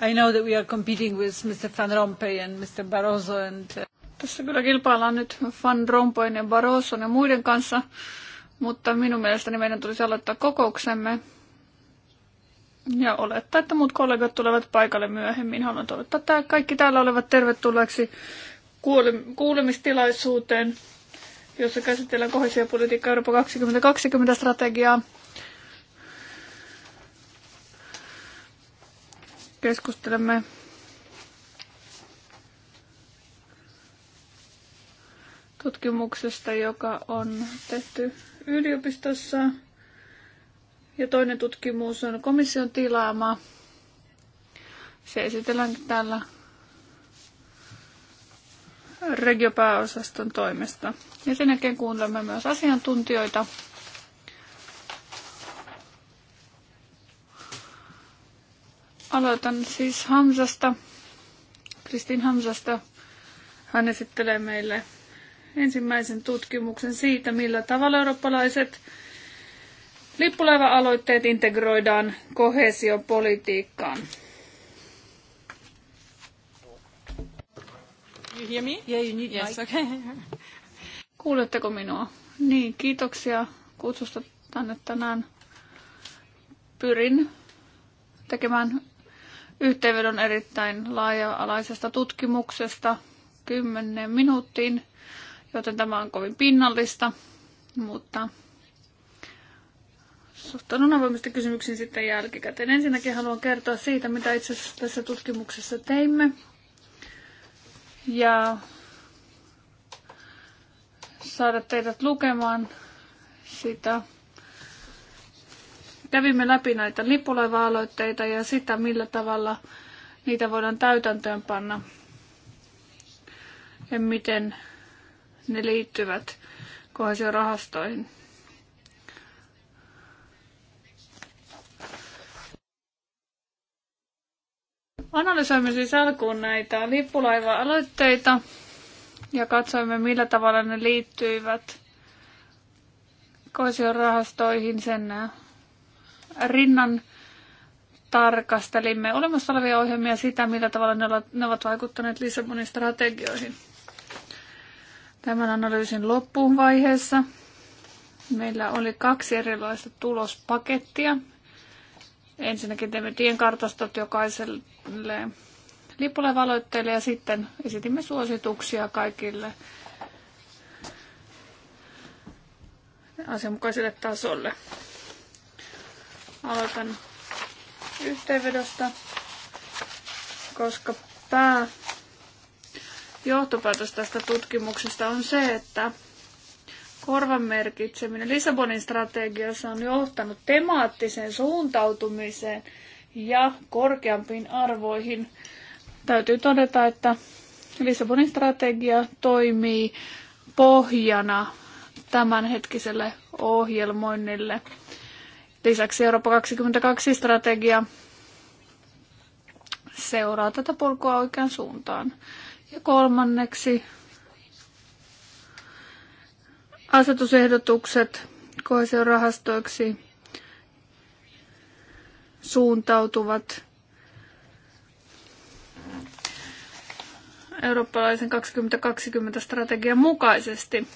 I know that we are competing with Mr. Van Rompuy and Mr. Barroso and... Uh, Tässä kyllä kilpaillaan nyt Van Rompuyn ja Barroson ja muiden kanssa, mutta minun mielestäni meidän tulisi aloittaa kokouksemme. Ja olettaa, että muut kollegat tulevat paikalle myöhemmin. Haluan toivottaa että kaikki täällä olevat tervetulleeksi kuulemistilaisuuteen, jossa käsitellään kohesiopolitiikka Eurooppa 2020 strategiaa. keskustelemme tutkimuksesta, joka on tehty yliopistossa. Ja toinen tutkimus on komission tilaama. Se esitellään täällä regiopääosaston toimesta. Ja sen jälkeen kuuntelemme myös asiantuntijoita Aloitan siis Hamzasta, Kristin Hamzasta. Hän esittelee meille ensimmäisen tutkimuksen siitä, millä tavalla eurooppalaiset lippulaiva-aloitteet integroidaan kohesiopolitiikkaan. You hear me? Yeah, you need yes, okay. Kuuletteko minua? Niin, kiitoksia kutsusta tänne tänään. Pyrin tekemään yhteenvedon erittäin laaja-alaisesta tutkimuksesta 10 minuuttiin, joten tämä on kovin pinnallista, mutta suhtaudun avoimesti kysymyksiin sitten jälkikäteen. Ensinnäkin haluan kertoa siitä, mitä itse asiassa tässä tutkimuksessa teimme. Ja saada teidät lukemaan sitä Kävimme läpi näitä lippulaiva-aloitteita ja sitä, millä tavalla niitä voidaan täytäntöönpanna ja miten ne liittyvät kohesiorahastoihin. Analysoimme siis alkuun näitä lippulaiva-aloitteita ja katsoimme, millä tavalla ne liittyivät koision rahastoihin sen rinnan tarkastelimme olemassa olevia ohjelmia ja sitä, millä tavalla ne ovat vaikuttaneet Lissabonin strategioihin. Tämän analyysin loppuvaiheessa meillä oli kaksi erilaista tulospakettia. Ensinnäkin teimme tienkartastot jokaiselle lippulevaloitteelle ja sitten esitimme suosituksia kaikille asianmukaiselle tasolle. Aloitan yhteenvedosta, koska pää johtopäätös tästä tutkimuksesta on se, että korvan merkitseminen Lissabonin strategiassa on johtanut temaattiseen suuntautumiseen ja korkeampiin arvoihin. Täytyy todeta, että Lissabonin strategia toimii pohjana tämänhetkiselle ohjelmoinnille Lisäksi Eurooppa 22 strategia seuraa tätä polkua oikeaan suuntaan. Ja kolmanneksi asetusehdotukset rahastoiksi suuntautuvat eurooppalaisen 2020 strategian mukaisesti.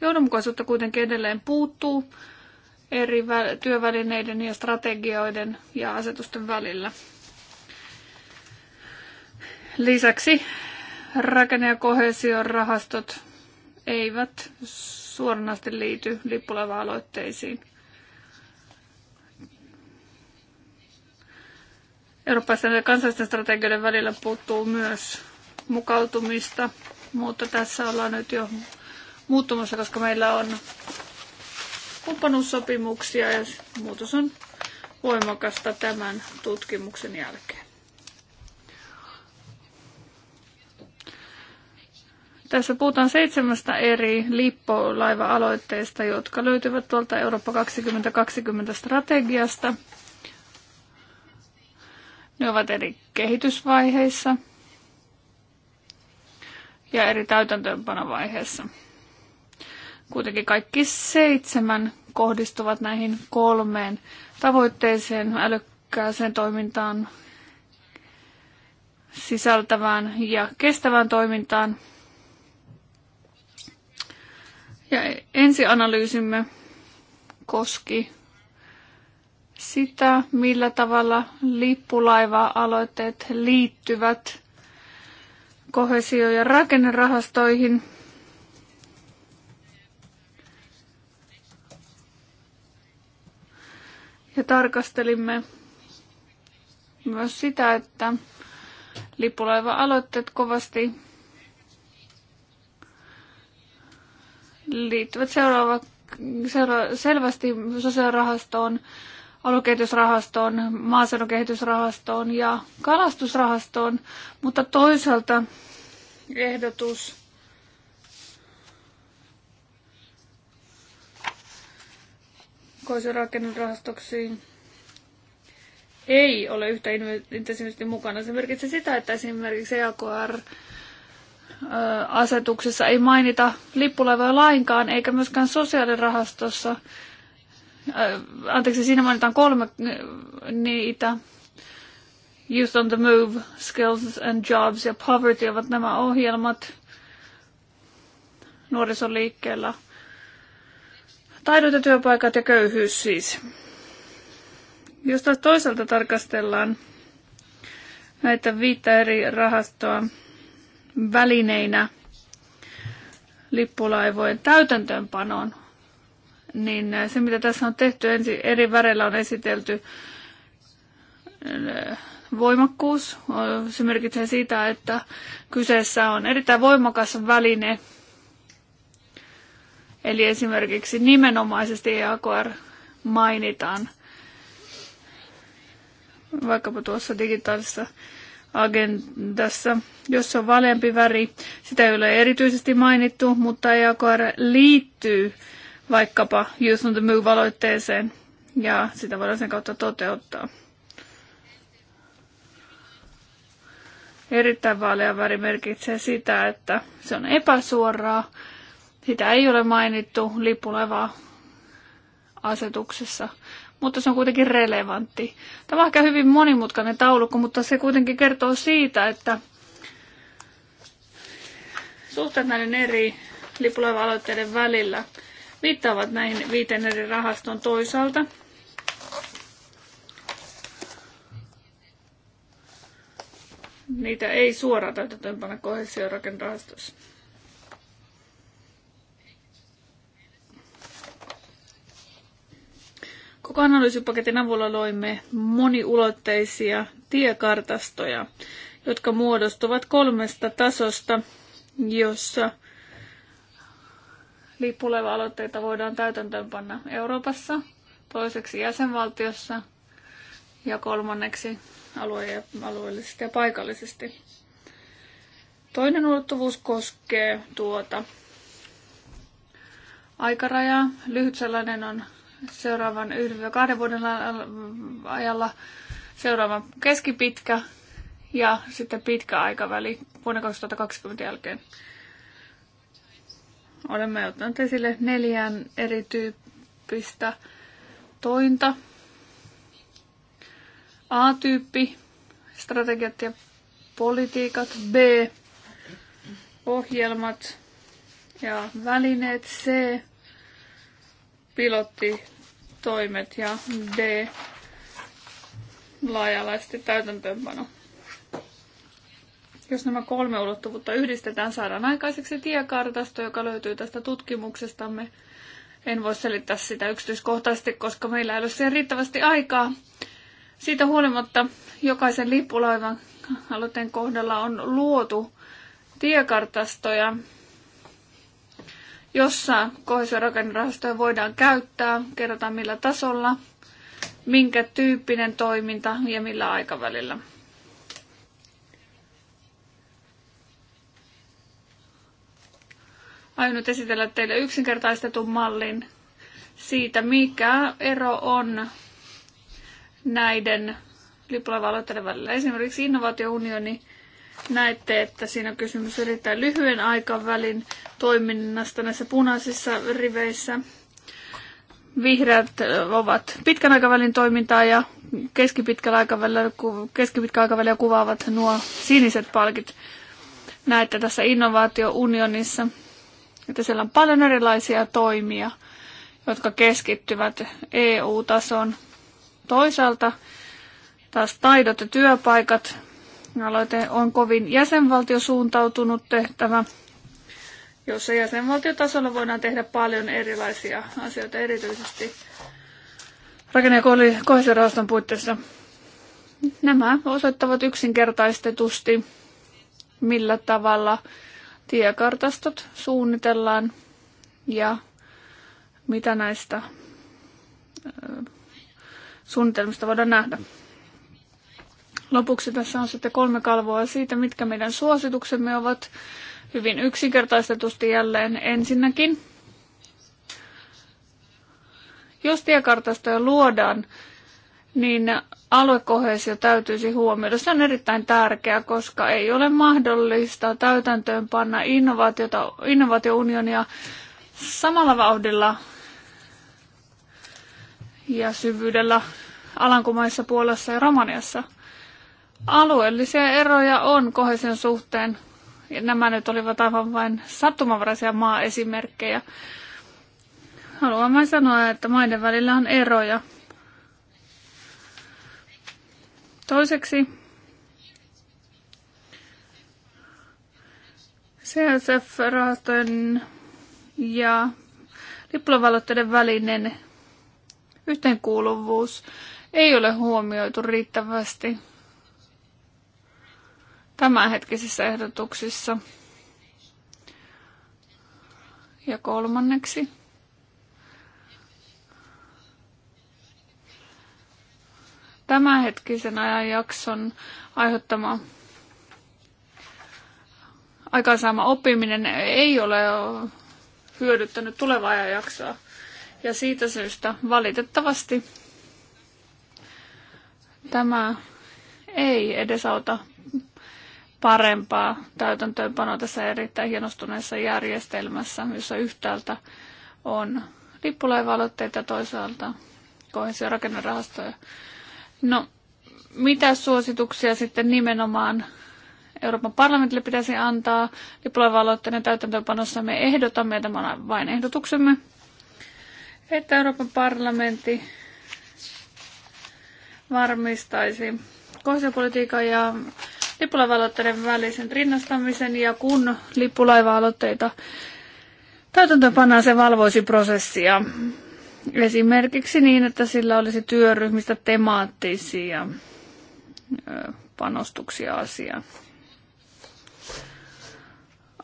Johdonmukaisuutta kuitenkin edelleen puuttuu eri työvälineiden ja strategioiden ja asetusten välillä. Lisäksi rakenne- ja kohesiorahastot eivät suoranaisesti liity lippulaiva-aloitteisiin. Eurooppaisten ja kansallisten strategioiden välillä puuttuu myös mukautumista, mutta tässä ollaan nyt jo muuttumassa, koska meillä on kumppanuussopimuksia ja muutos on voimakasta tämän tutkimuksen jälkeen. Tässä puhutaan seitsemästä eri lippolaiva-aloitteesta, jotka löytyvät tuolta Eurooppa 2020 strategiasta. Ne ovat eri kehitysvaiheissa ja eri täytäntöönpanovaiheessa. vaiheessa. Kuitenkin kaikki seitsemän kohdistuvat näihin kolmeen tavoitteeseen, älykkääseen toimintaan, sisältävään ja kestävään toimintaan. Ja ensi analyysimme koski sitä, millä tavalla lippulaiva-aloitteet liittyvät kohesio- ja rakennerahastoihin. Ja tarkastelimme myös sitä, että lipulaiva aloitteet kovasti liittyvät seuraava, seura, selvästi sosiaalirahastoon, alukehitysrahastoon, maaseudun kehitysrahastoon ja kalastusrahastoon, mutta toisaalta ehdotus koisirakennudrahastoksiin ei ole yhtä intensiivisesti mukana. Se merkitsee sitä, että esimerkiksi EAKR asetuksessa ei mainita lippulaivoja lainkaan, eikä myöskään sosiaalirahastossa. Anteeksi, siinä mainitaan kolme niitä. Youth on the Move, Skills and Jobs ja Poverty ovat nämä ohjelmat nuorisoliikkeellä. liikkeellä Taidot ja työpaikat ja köyhyys siis. Jos taas toisaalta tarkastellaan näitä viittä eri rahastoa välineinä lippulaivojen täytäntöönpanoon, niin se mitä tässä on tehty ensi, eri väreillä on esitelty äh, voimakkuus. Se merkitsee sitä, että kyseessä on erittäin voimakas väline, Eli esimerkiksi nimenomaisesti EAKR mainitaan vaikkapa tuossa digitaalisessa agendassa, jossa on valempi väri. Sitä ei ole erityisesti mainittu, mutta EAKR liittyy vaikkapa Youth on the Move-aloitteeseen ja sitä voidaan sen kautta toteuttaa. Erittäin vaalea väri merkitsee sitä, että se on epäsuoraa sitä ei ole mainittu lippulevaa asetuksessa, mutta se on kuitenkin relevantti. Tämä on ehkä hyvin monimutkainen taulukko, mutta se kuitenkin kertoo siitä, että suhteet näiden eri lippulaiva-aloitteiden välillä viittaavat näihin viiteen eri rahaston toisaalta. Niitä ei suoraan täytäntöönpana kohesio rakenrahastossa. Koko analyysipaketin avulla loimme moniulotteisia tiekartastoja, jotka muodostuvat kolmesta tasosta, jossa lippuleva-aloitteita voidaan täytäntöönpanna Euroopassa, toiseksi jäsenvaltiossa ja kolmanneksi alue- alueellisesti ja paikallisesti. Toinen ulottuvuus koskee tuota aikarajaa. Lyhyt sellainen on seuraavan 1 kahden vuoden ajalla, seuraavan keskipitkä ja sitten pitkä aikaväli vuonna 2020 jälkeen. Olemme ottaneet esille neljään erityyppistä tointa. A-tyyppi, strategiat ja politiikat, B, ohjelmat ja välineet, C, pilottitoimet ja D laajalaisesti täytäntöönpano. Jos nämä kolme ulottuvuutta yhdistetään, saadaan aikaiseksi tiekartasto, joka löytyy tästä tutkimuksestamme. En voi selittää sitä yksityiskohtaisesti, koska meillä ei ole siihen riittävästi aikaa. Siitä huolimatta jokaisen lippulaivan aloitteen kohdalla on luotu tiekartastoja, jossa kohesiorakennerahastoja voidaan käyttää, kerrotaan millä tasolla, minkä tyyppinen toiminta ja millä aikavälillä. Aion nyt esitellä teille yksinkertaistetun mallin siitä, mikä ero on näiden lippulaiva välillä. Esimerkiksi innovaatiounioni näette, että siinä on kysymys erittäin lyhyen aikavälin toiminnasta näissä punaisissa riveissä. Vihreät ovat pitkän aikavälin toimintaa ja keskipitkällä aikavälillä, keskipitkän aikavälillä kuvaavat nuo siniset palkit. Näette tässä innovaatiounionissa, että siellä on paljon erilaisia toimia, jotka keskittyvät EU-tason toisaalta taas taidot ja työpaikat aloite on kovin jäsenvaltiosuuntautunut tehtävä, jossa jäsenvaltiotasolla voidaan tehdä paljon erilaisia asioita, erityisesti rakenne- ja kohesiorahaston puitteissa. Nämä osoittavat yksinkertaistetusti, millä tavalla tiekartastot suunnitellaan ja mitä näistä suunnitelmista voidaan nähdä. Lopuksi tässä on sitten kolme kalvoa siitä, mitkä meidän suosituksemme ovat hyvin yksinkertaistetusti jälleen ensinnäkin. Jos tiekartastoja luodaan, niin aluekohesio täytyisi huomioida. Se on erittäin tärkeää, koska ei ole mahdollista täytäntöön panna innovaatiounionia samalla vauhdilla ja syvyydellä Alankomaissa, Puolassa ja Romaniassa – alueellisia eroja on kohesion suhteen. Ja nämä nyt olivat aivan vain sattumanvaraisia maaesimerkkejä. Haluan vain sanoa, että maiden välillä on eroja. Toiseksi CSF-rahastojen ja lippulevaloitteiden välinen yhteenkuuluvuus ei ole huomioitu riittävästi tämänhetkisissä ehdotuksissa. Ja kolmanneksi. Tämänhetkisen jakson aiheuttama aikaansaama oppiminen ei ole hyödyttänyt tulevaa jaksoa. Ja siitä syystä valitettavasti tämä ei edesauta parempaa täytäntöönpanoa tässä erittäin hienostuneessa järjestelmässä, jossa yhtäältä on lippulaiva-aloitteita ja toisaalta kohesio- rakennerahastoja. No, mitä suosituksia sitten nimenomaan Euroopan parlamentille pitäisi antaa lippulaiva-aloitteiden täytäntöönpanossa? Me ehdotamme, ja tämä on vain ehdotuksemme, että Euroopan parlamentti varmistaisi kohesiopolitiikan ja lippulaiva-aloitteiden välisen rinnastamisen ja kun lippulaiva-aloitteita täytäntöönpannaan, se valvoisi prosessia. Esimerkiksi niin, että sillä olisi työryhmistä temaattisia panostuksia asiaan.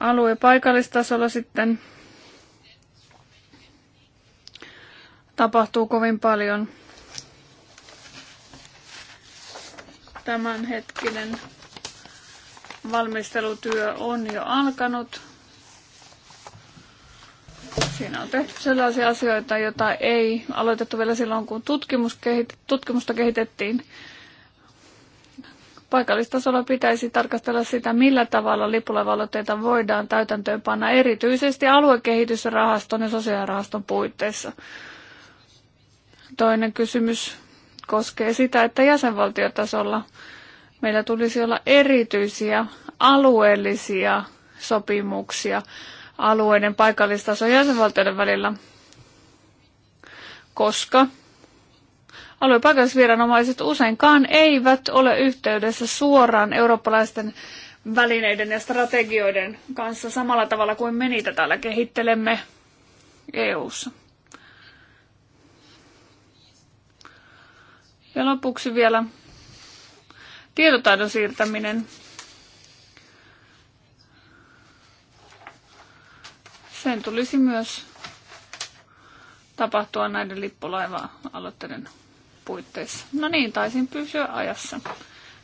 Alue- ja paikallistasolla sitten tapahtuu kovin paljon tämänhetkinen valmistelutyö on jo alkanut. Siinä on tehty sellaisia asioita, joita ei aloitettu vielä silloin, kun tutkimus kehit- tutkimusta kehitettiin. Paikallistasolla pitäisi tarkastella sitä, millä tavalla lipulevaloitteita voidaan täytäntöön panna erityisesti aluekehitysrahaston ja sosiaalirahaston puitteissa. Toinen kysymys koskee sitä, että jäsenvaltiotasolla Meillä tulisi olla erityisiä alueellisia sopimuksia alueiden paikallistason jäsenvaltioiden välillä, koska alueen paikallisviranomaiset useinkaan eivät ole yhteydessä suoraan eurooppalaisten välineiden ja strategioiden kanssa samalla tavalla kuin me niitä täällä kehittelemme EU:ssa. Ja lopuksi vielä Tietotaidon siirtäminen. Sen tulisi myös tapahtua näiden lippulaiva-aloitteiden puitteissa. No niin, taisin pysyä ajassa.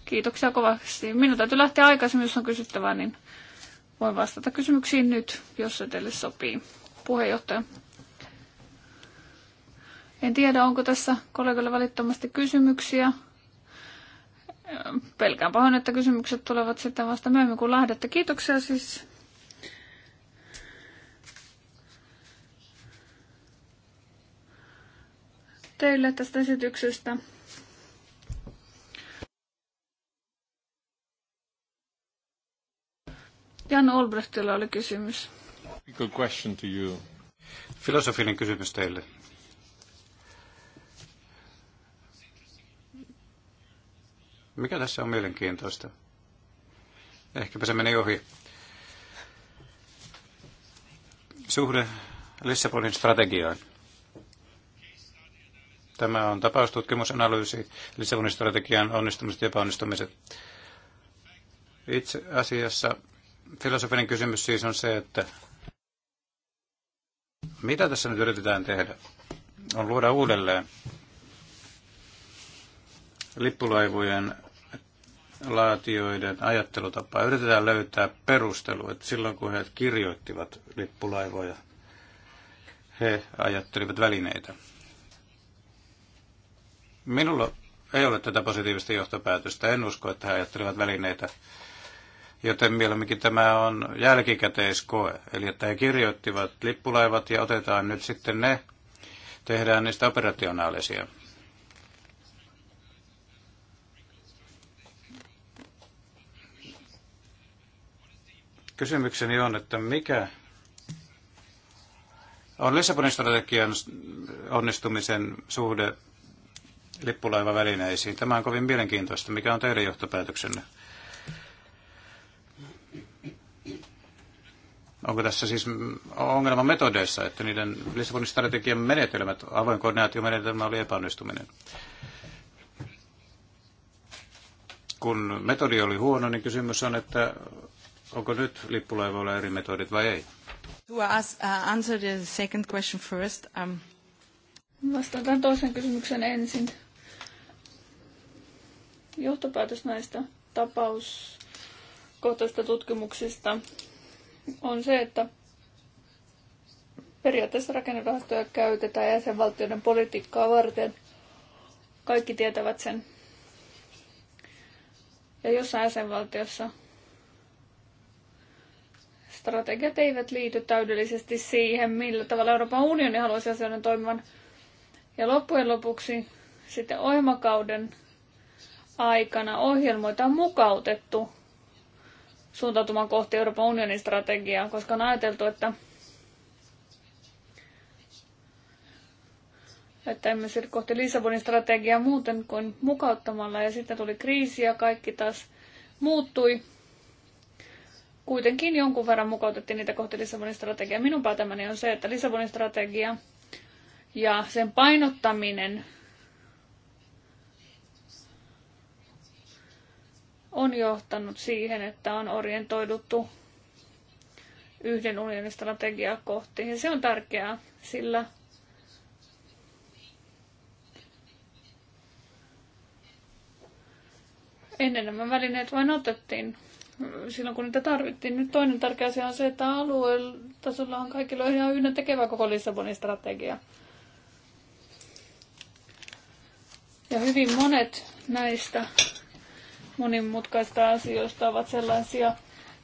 Kiitoksia kovasti. Minun täytyy lähteä aikaisemmin, jos on kysyttävää, niin voin vastata kysymyksiin nyt, jos se teille sopii. Puheenjohtaja. En tiedä, onko tässä kollegoille välittömästi kysymyksiä pelkään pahoin, että kysymykset tulevat sitten vasta myöhemmin, kuin lähdette. Kiitoksia siis. teille tästä esityksestä. Jan Olbrechtilla oli kysymys. Good question to you. Filosofinen kysymys teille. Mikä tässä on mielenkiintoista? Ehkäpä se meni ohi. Suhde Lissabonin strategiaan. Tämä on tapaustutkimusanalyysi, Lissabonin strategian onnistumiset ja epäonnistumiset. Itse asiassa filosofinen kysymys siis on se, että mitä tässä nyt yritetään tehdä? On luoda uudelleen lippulaivojen laatioiden ajattelutapaa. Yritetään löytää perustelu, että silloin kun he kirjoittivat lippulaivoja, he ajattelivat välineitä. Minulla ei ole tätä positiivista johtopäätöstä. En usko, että he ajattelivat välineitä. Joten mieluummin tämä on jälkikäteiskoe. Eli että he kirjoittivat lippulaivat ja otetaan nyt sitten ne, tehdään niistä operationaalisia. Kysymykseni on, että mikä on Lissabonin strategian onnistumisen suhde lippulaivavälineisiin. Tämä on kovin mielenkiintoista. Mikä on teidän johtopäätöksenne? Onko tässä siis ongelma metodeissa, että niiden Lissabonin strategian menetelmät, avoin koordinaatiomenetelmä oli epäonnistuminen? Kun metodi oli huono, niin kysymys on, että Onko nyt lippulaivoilla eri metodit vai ei? To ask, uh, answer the second question first. Um... Vastaan tämän toisen kysymyksen ensin. Johtopäätös näistä tapauskohtaisista tutkimuksista on se, että periaatteessa rakennerahastoja käytetään jäsenvaltioiden politiikkaa varten. Kaikki tietävät sen. Ja jossain jäsenvaltiossa strategiat eivät liity täydellisesti siihen, millä tavalla Euroopan unioni haluaisi asioiden toimivan. Ja loppujen lopuksi sitten ohjelmakauden aikana ohjelmoita on mukautettu suuntautumaan kohti Euroopan unionin strategiaa, koska on ajateltu, että, että emme siirry kohti Lissabonin strategiaa muuten kuin mukauttamalla. Ja sitten tuli kriisi ja kaikki taas muuttui kuitenkin jonkun verran mukautettiin niitä kohti Lissabonin strategia. Minun päätämäni on se, että Lissabonin strategia ja sen painottaminen on johtanut siihen, että on orientoiduttu yhden unionin strategiaa kohti. Ja se on tärkeää, sillä ennen nämä välineet vain otettiin silloin, kun niitä tarvittiin. Nyt toinen tärkeä asia on se, että alueella on kaikilla ihan yhden tekevä koko Lissabonin strategia. Ja hyvin monet näistä monimutkaista asioista ovat sellaisia,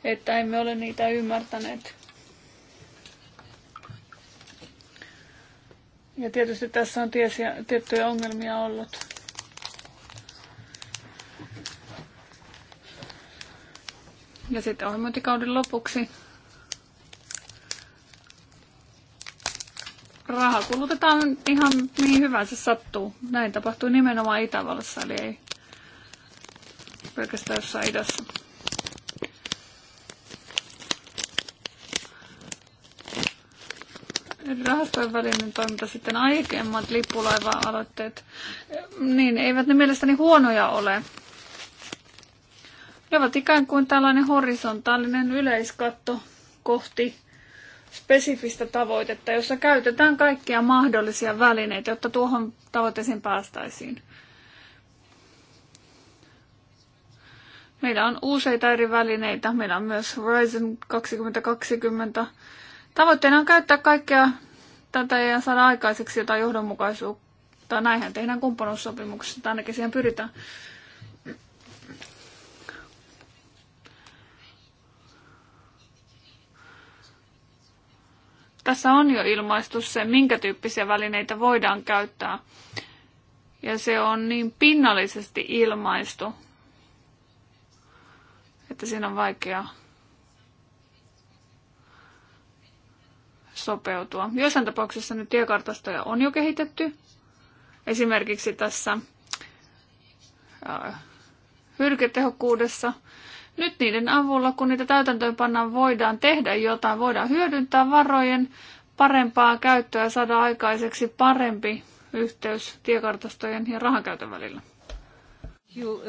että emme ole niitä ymmärtäneet. Ja tietysti tässä on tiettyjä ongelmia ollut. Ja sitten ohjelmointikauden lopuksi raha kulutetaan ihan mihin hyvänsä sattuu. Näin tapahtuu nimenomaan Itävallassa, eli ei pelkästään jossain idässä. rahastojen välinen toiminta sitten aiemmat lippulaiva-aloitteet, niin eivät ne mielestäni huonoja ole. Ne ovat ikään kuin tällainen horisontaalinen yleiskatto kohti spesifistä tavoitetta, jossa käytetään kaikkia mahdollisia välineitä, jotta tuohon tavoitteeseen päästäisiin. Meillä on useita eri välineitä. Meillä on myös Horizon 2020. Tavoitteena on käyttää kaikkea tätä ja saada aikaiseksi jotain johdonmukaisuutta. Näinhän tehdään kumppanuussopimuksessa, tai ainakin siihen pyritään. Tässä on jo ilmaistu se, minkä tyyppisiä välineitä voidaan käyttää. Ja se on niin pinnallisesti ilmaistu, että siinä on vaikea sopeutua. Joissain tapauksessa nyt tiekartastoja on jo kehitetty. Esimerkiksi tässä äh, hyrketehokkuudessa. Nyt niiden avulla, kun niitä täytäntöönpannaan, voidaan tehdä jotain, voidaan hyödyntää varojen parempaa käyttöä ja saada aikaiseksi parempi yhteys tiekartastojen ja rahankäytön välillä. Uh,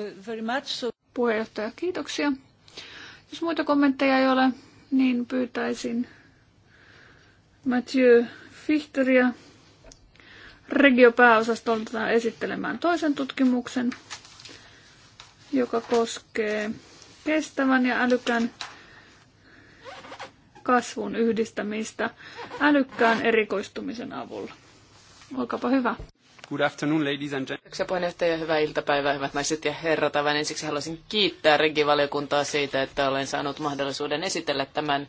Puheenjohtaja, kiitoksia. Jos muita kommentteja ei ole, niin pyytäisin Mathieu Fichteria regiopääosastolta esittelemään toisen tutkimuksen, joka koskee kestävän ja älykkään kasvun yhdistämistä älykkään erikoistumisen avulla. Olkaapa hyvä. Good afternoon, ladies and gentlemen. Kiitoksia puheenjohtaja, hyvää iltapäivää, hyvät naiset ja herrat. Aivan ensiksi haluaisin kiittää regivaliokuntaa siitä, että olen saanut mahdollisuuden esitellä tämän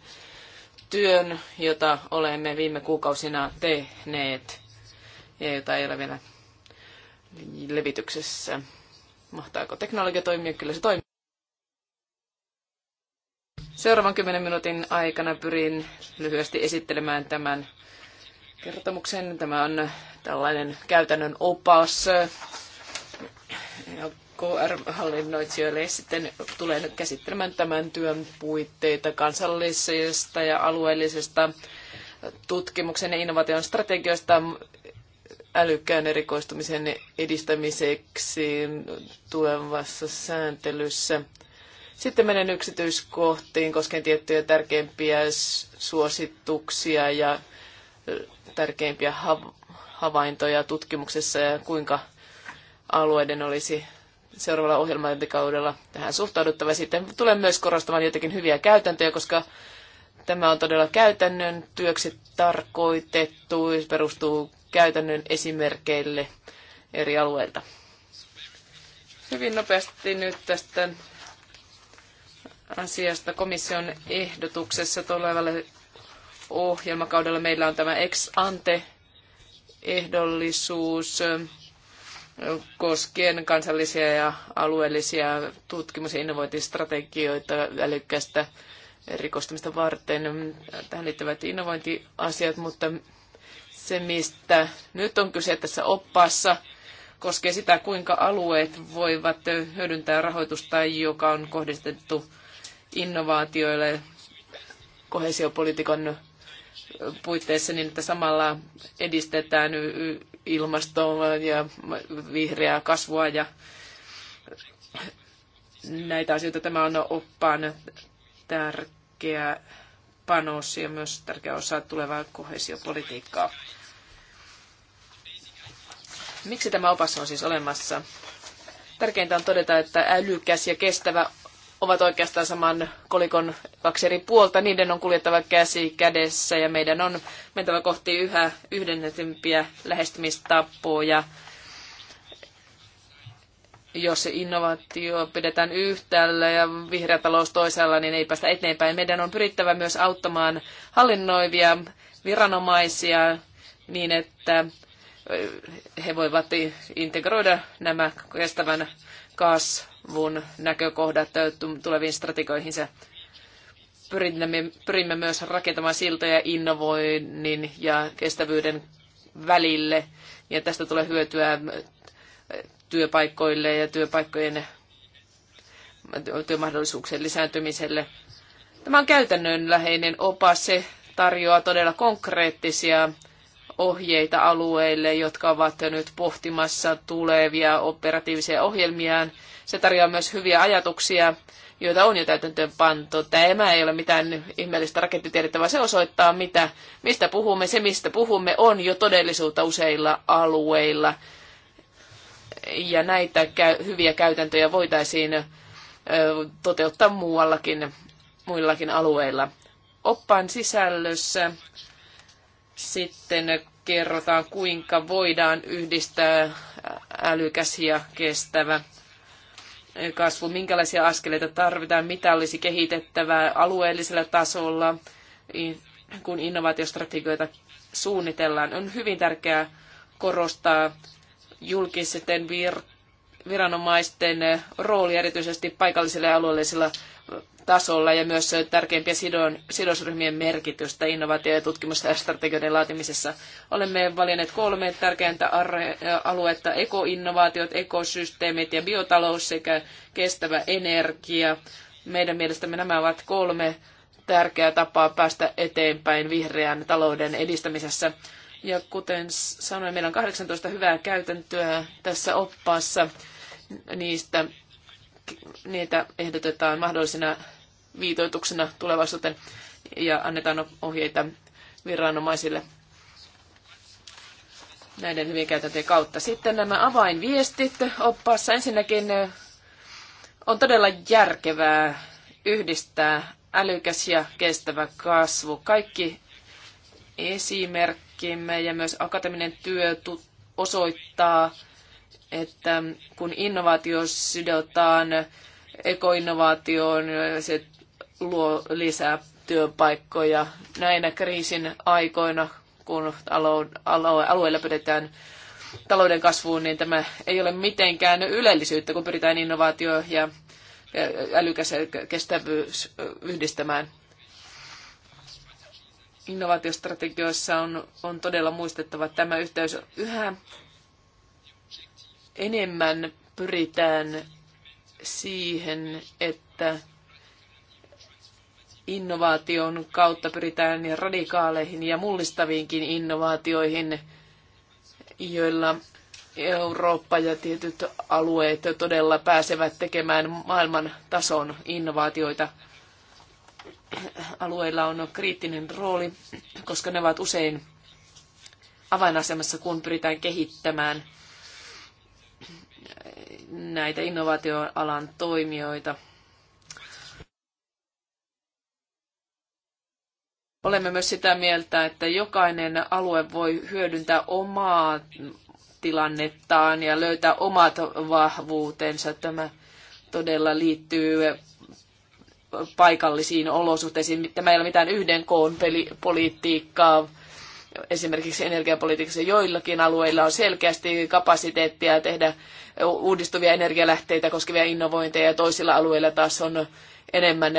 työn, jota olemme viime kuukausina tehneet ja jota ei ole vielä levityksessä. Mahtaako teknologia toimia? Kyllä se toimii. Seuraavan kymmenen minuutin aikana pyrin lyhyesti esittelemään tämän kertomuksen. Tämä on tällainen käytännön opas KR-hallinnoitsijoille sitten tulee nyt käsittelemään tämän työn puitteita kansallisesta ja alueellisesta tutkimuksen ja innovaation strategioista älykkään erikoistumisen edistämiseksi tulevassa sääntelyssä. Sitten menen yksityiskohtiin koskien tiettyjä tärkeimpiä suosituksia ja tärkeimpiä havaintoja tutkimuksessa ja kuinka alueiden olisi seuraavalla ohjelmointikaudella tähän suhtauduttava. Sitten tulen myös korostamaan jotenkin hyviä käytäntöjä, koska tämä on todella käytännön työksi tarkoitettu, perustuu käytännön esimerkkeille eri alueilta. Hyvin nopeasti nyt tästä asiasta komission ehdotuksessa tulevalle ohjelmakaudella meillä on tämä ex ante ehdollisuus koskien kansallisia ja alueellisia tutkimus- ja innovointistrategioita älykkästä rikostamista varten. Tähän liittyvät innovointiasiat, mutta se, mistä nyt on kyse tässä oppaassa, koskee sitä, kuinka alueet voivat hyödyntää rahoitusta, joka on kohdistettu innovaatioille kohesiopolitiikan puitteissa niin, että samalla edistetään ilmastoa ja vihreää kasvua ja näitä asioita. Tämä on oppaan tärkeä panos ja myös tärkeä osa tulevaa kohesiopolitiikkaa. Miksi tämä opas on siis olemassa? Tärkeintä on todeta, että älykäs ja kestävä ovat oikeastaan saman kolikon kaksi eri puolta. Niiden on kuljettava käsi kädessä ja meidän on mentävä kohti yhä yhdennetympiä lähestymistapoja. Jos innovaatio pidetään yhtäällä ja vihreä talous toisella, niin ei päästä eteenpäin. Meidän on pyrittävä myös auttamaan hallinnoivia viranomaisia niin, että he voivat integroida nämä kestävän kasvun kasvun näkökohdat tuleviin strategioihinsa. Pyrimme, pyrimme myös rakentamaan siltoja innovoinnin ja kestävyyden välille, ja tästä tulee hyötyä työpaikoille ja työpaikkojen työmahdollisuuksien lisääntymiselle. Tämä on käytännönläheinen opas. Se tarjoaa todella konkreettisia ohjeita alueille, jotka ovat nyt pohtimassa tulevia operatiivisia ohjelmiaan se tarjoaa myös hyviä ajatuksia, joita on jo täytäntöön pantu. Tämä ei ole mitään ihmeellistä rakettitiedettä, vaan se osoittaa, mitä, mistä puhumme. Se, mistä puhumme, on jo todellisuutta useilla alueilla. Ja näitä hyviä käytäntöjä voitaisiin toteuttaa muuallakin, muillakin alueilla. Oppaan sisällössä sitten kerrotaan, kuinka voidaan yhdistää älykäs ja kestävä kasvu, minkälaisia askeleita tarvitaan, mitä olisi kehitettävää alueellisella tasolla, kun innovaatiostrategioita suunnitellaan. On hyvin tärkeää korostaa julkisten vir- viranomaisten rooli erityisesti paikallisilla ja alueellisilla tasolla ja myös tärkeimpien sidosryhmien merkitystä innovaatio- ja tutkimusta ja strategioiden laatimisessa. Olemme valinneet kolme tärkeintä aluetta, ekoinnovaatiot, ekosysteemit ja biotalous sekä kestävä energia. Meidän mielestämme nämä ovat kolme tärkeää tapaa päästä eteenpäin vihreän talouden edistämisessä. Ja kuten sanoin, meillä on 18 hyvää käytäntöä tässä oppaassa. Niistä niitä ehdotetaan mahdollisina viitoituksena tulevaisuuteen ja annetaan ohjeita viranomaisille näiden hyvien käytäntöjen kautta. Sitten nämä avainviestit oppaassa. Ensinnäkin eh, on todella järkevää yhdistää älykäs ja kestävä kasvu. Kaikki esimerkkimme ja myös akateminen työ osoittaa, että kun innovaatio sidotaan ekoinnovaatioon, se luo lisää työpaikkoja näinä kriisin aikoina, kun alueella pidetään talouden kasvuun, niin tämä ei ole mitenkään ylellisyyttä, kun pyritään innovaatio ja älykäs kestävyys yhdistämään. Innovaatiostrategioissa on, on todella muistettava tämä yhteys. Yhä enemmän pyritään siihen, että innovaation kautta pyritään niin radikaaleihin ja mullistaviinkin innovaatioihin, joilla Eurooppa ja tietyt alueet todella pääsevät tekemään maailman tason innovaatioita. Alueilla on kriittinen rooli, koska ne ovat usein avainasemassa, kun pyritään kehittämään näitä innovaatioalan toimijoita – Olemme myös sitä mieltä, että jokainen alue voi hyödyntää omaa tilannettaan ja löytää omat vahvuutensa. Tämä todella liittyy paikallisiin olosuhteisiin. Tämä ei ole mitään yhden koon politiikkaa. Esimerkiksi energiapolitiikassa joillakin alueilla on selkeästi kapasiteettia tehdä uudistuvia energialähteitä koskevia innovointeja ja toisilla alueilla taas on enemmän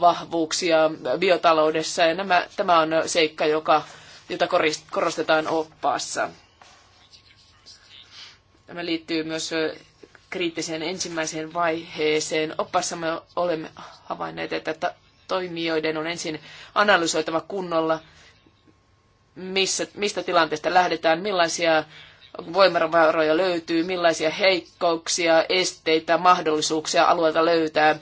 vahvuuksia biotaloudessa. Ja nämä, tämä on seikka, joka, jota korostetaan oppaassa. Tämä liittyy myös kriittiseen ensimmäiseen vaiheeseen. Oppaassa me olemme havainneet, että toimijoiden on ensin analysoitava kunnolla, missä, mistä tilanteesta lähdetään, millaisia voimavaroja löytyy, millaisia heikkouksia, esteitä, mahdollisuuksia alueelta löytää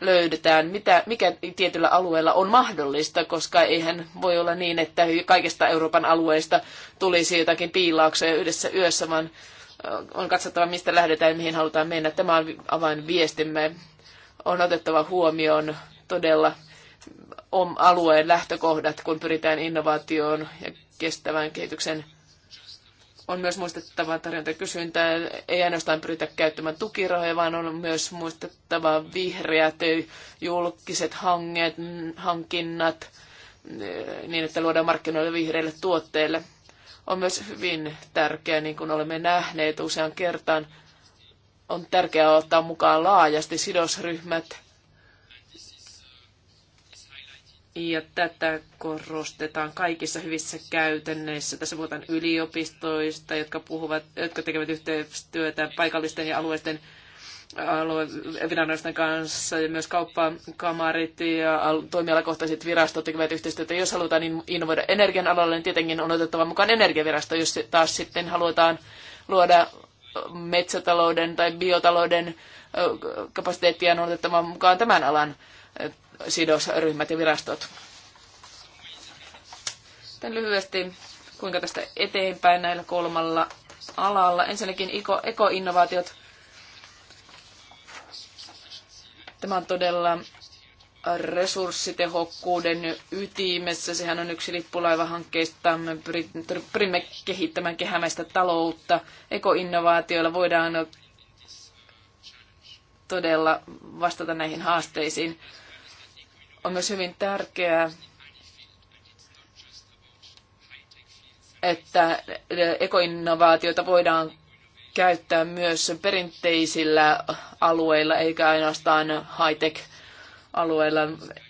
löydetään, mitä, mikä tietyllä alueella on mahdollista, koska eihän voi olla niin, että kaikista Euroopan alueista tulisi jotakin piilauksia yhdessä yössä, vaan on katsottava, mistä lähdetään ja mihin halutaan mennä. Tämä on avainviestimme. On otettava huomioon todella alueen lähtökohdat, kun pyritään innovaatioon ja kestävään kehityksen on myös muistettava tarjonta Ei ainoastaan pyritä käyttämään tukirahoja, vaan on myös muistettava vihreät, julkiset hanget, hankinnat, eh, niin että luodaan markkinoille vihreille tuotteille. On myös hyvin tärkeää, niin kuin olemme nähneet usean kertaan, on tärkeää ottaa mukaan laajasti sidosryhmät – Ja tätä korostetaan kaikissa hyvissä käytännöissä. Tässä puhutaan yliopistoista, jotka, puhuvat, jotka tekevät yhteistyötä paikallisten ja alueisten äh, alueviranomaisten kanssa ja myös kauppakamarit ja toimialakohtaiset virastot tekevät yhteistyötä. Jos halutaan innovoida energian alalla, niin tietenkin on otettava mukaan energiavirasto. Jos taas sitten halutaan luoda metsätalouden tai biotalouden äh, kapasiteettia, niin on otettava mukaan tämän alan äh, sidosryhmät ja virastot. Tän lyhyesti, kuinka tästä eteenpäin näillä kolmalla alalla. Ensinnäkin ekoinnovaatiot. Tämä on todella resurssitehokkuuden ytimessä. Sehän on yksi lippulaivahankkeista. Me pyrimme kehittämään kehämäistä taloutta. Ekoinnovaatioilla voidaan todella vastata näihin haasteisiin. On myös hyvin tärkeää, että ekoinnovaatioita voidaan käyttää myös perinteisillä alueilla, eikä ainoastaan high-tech-alueilla.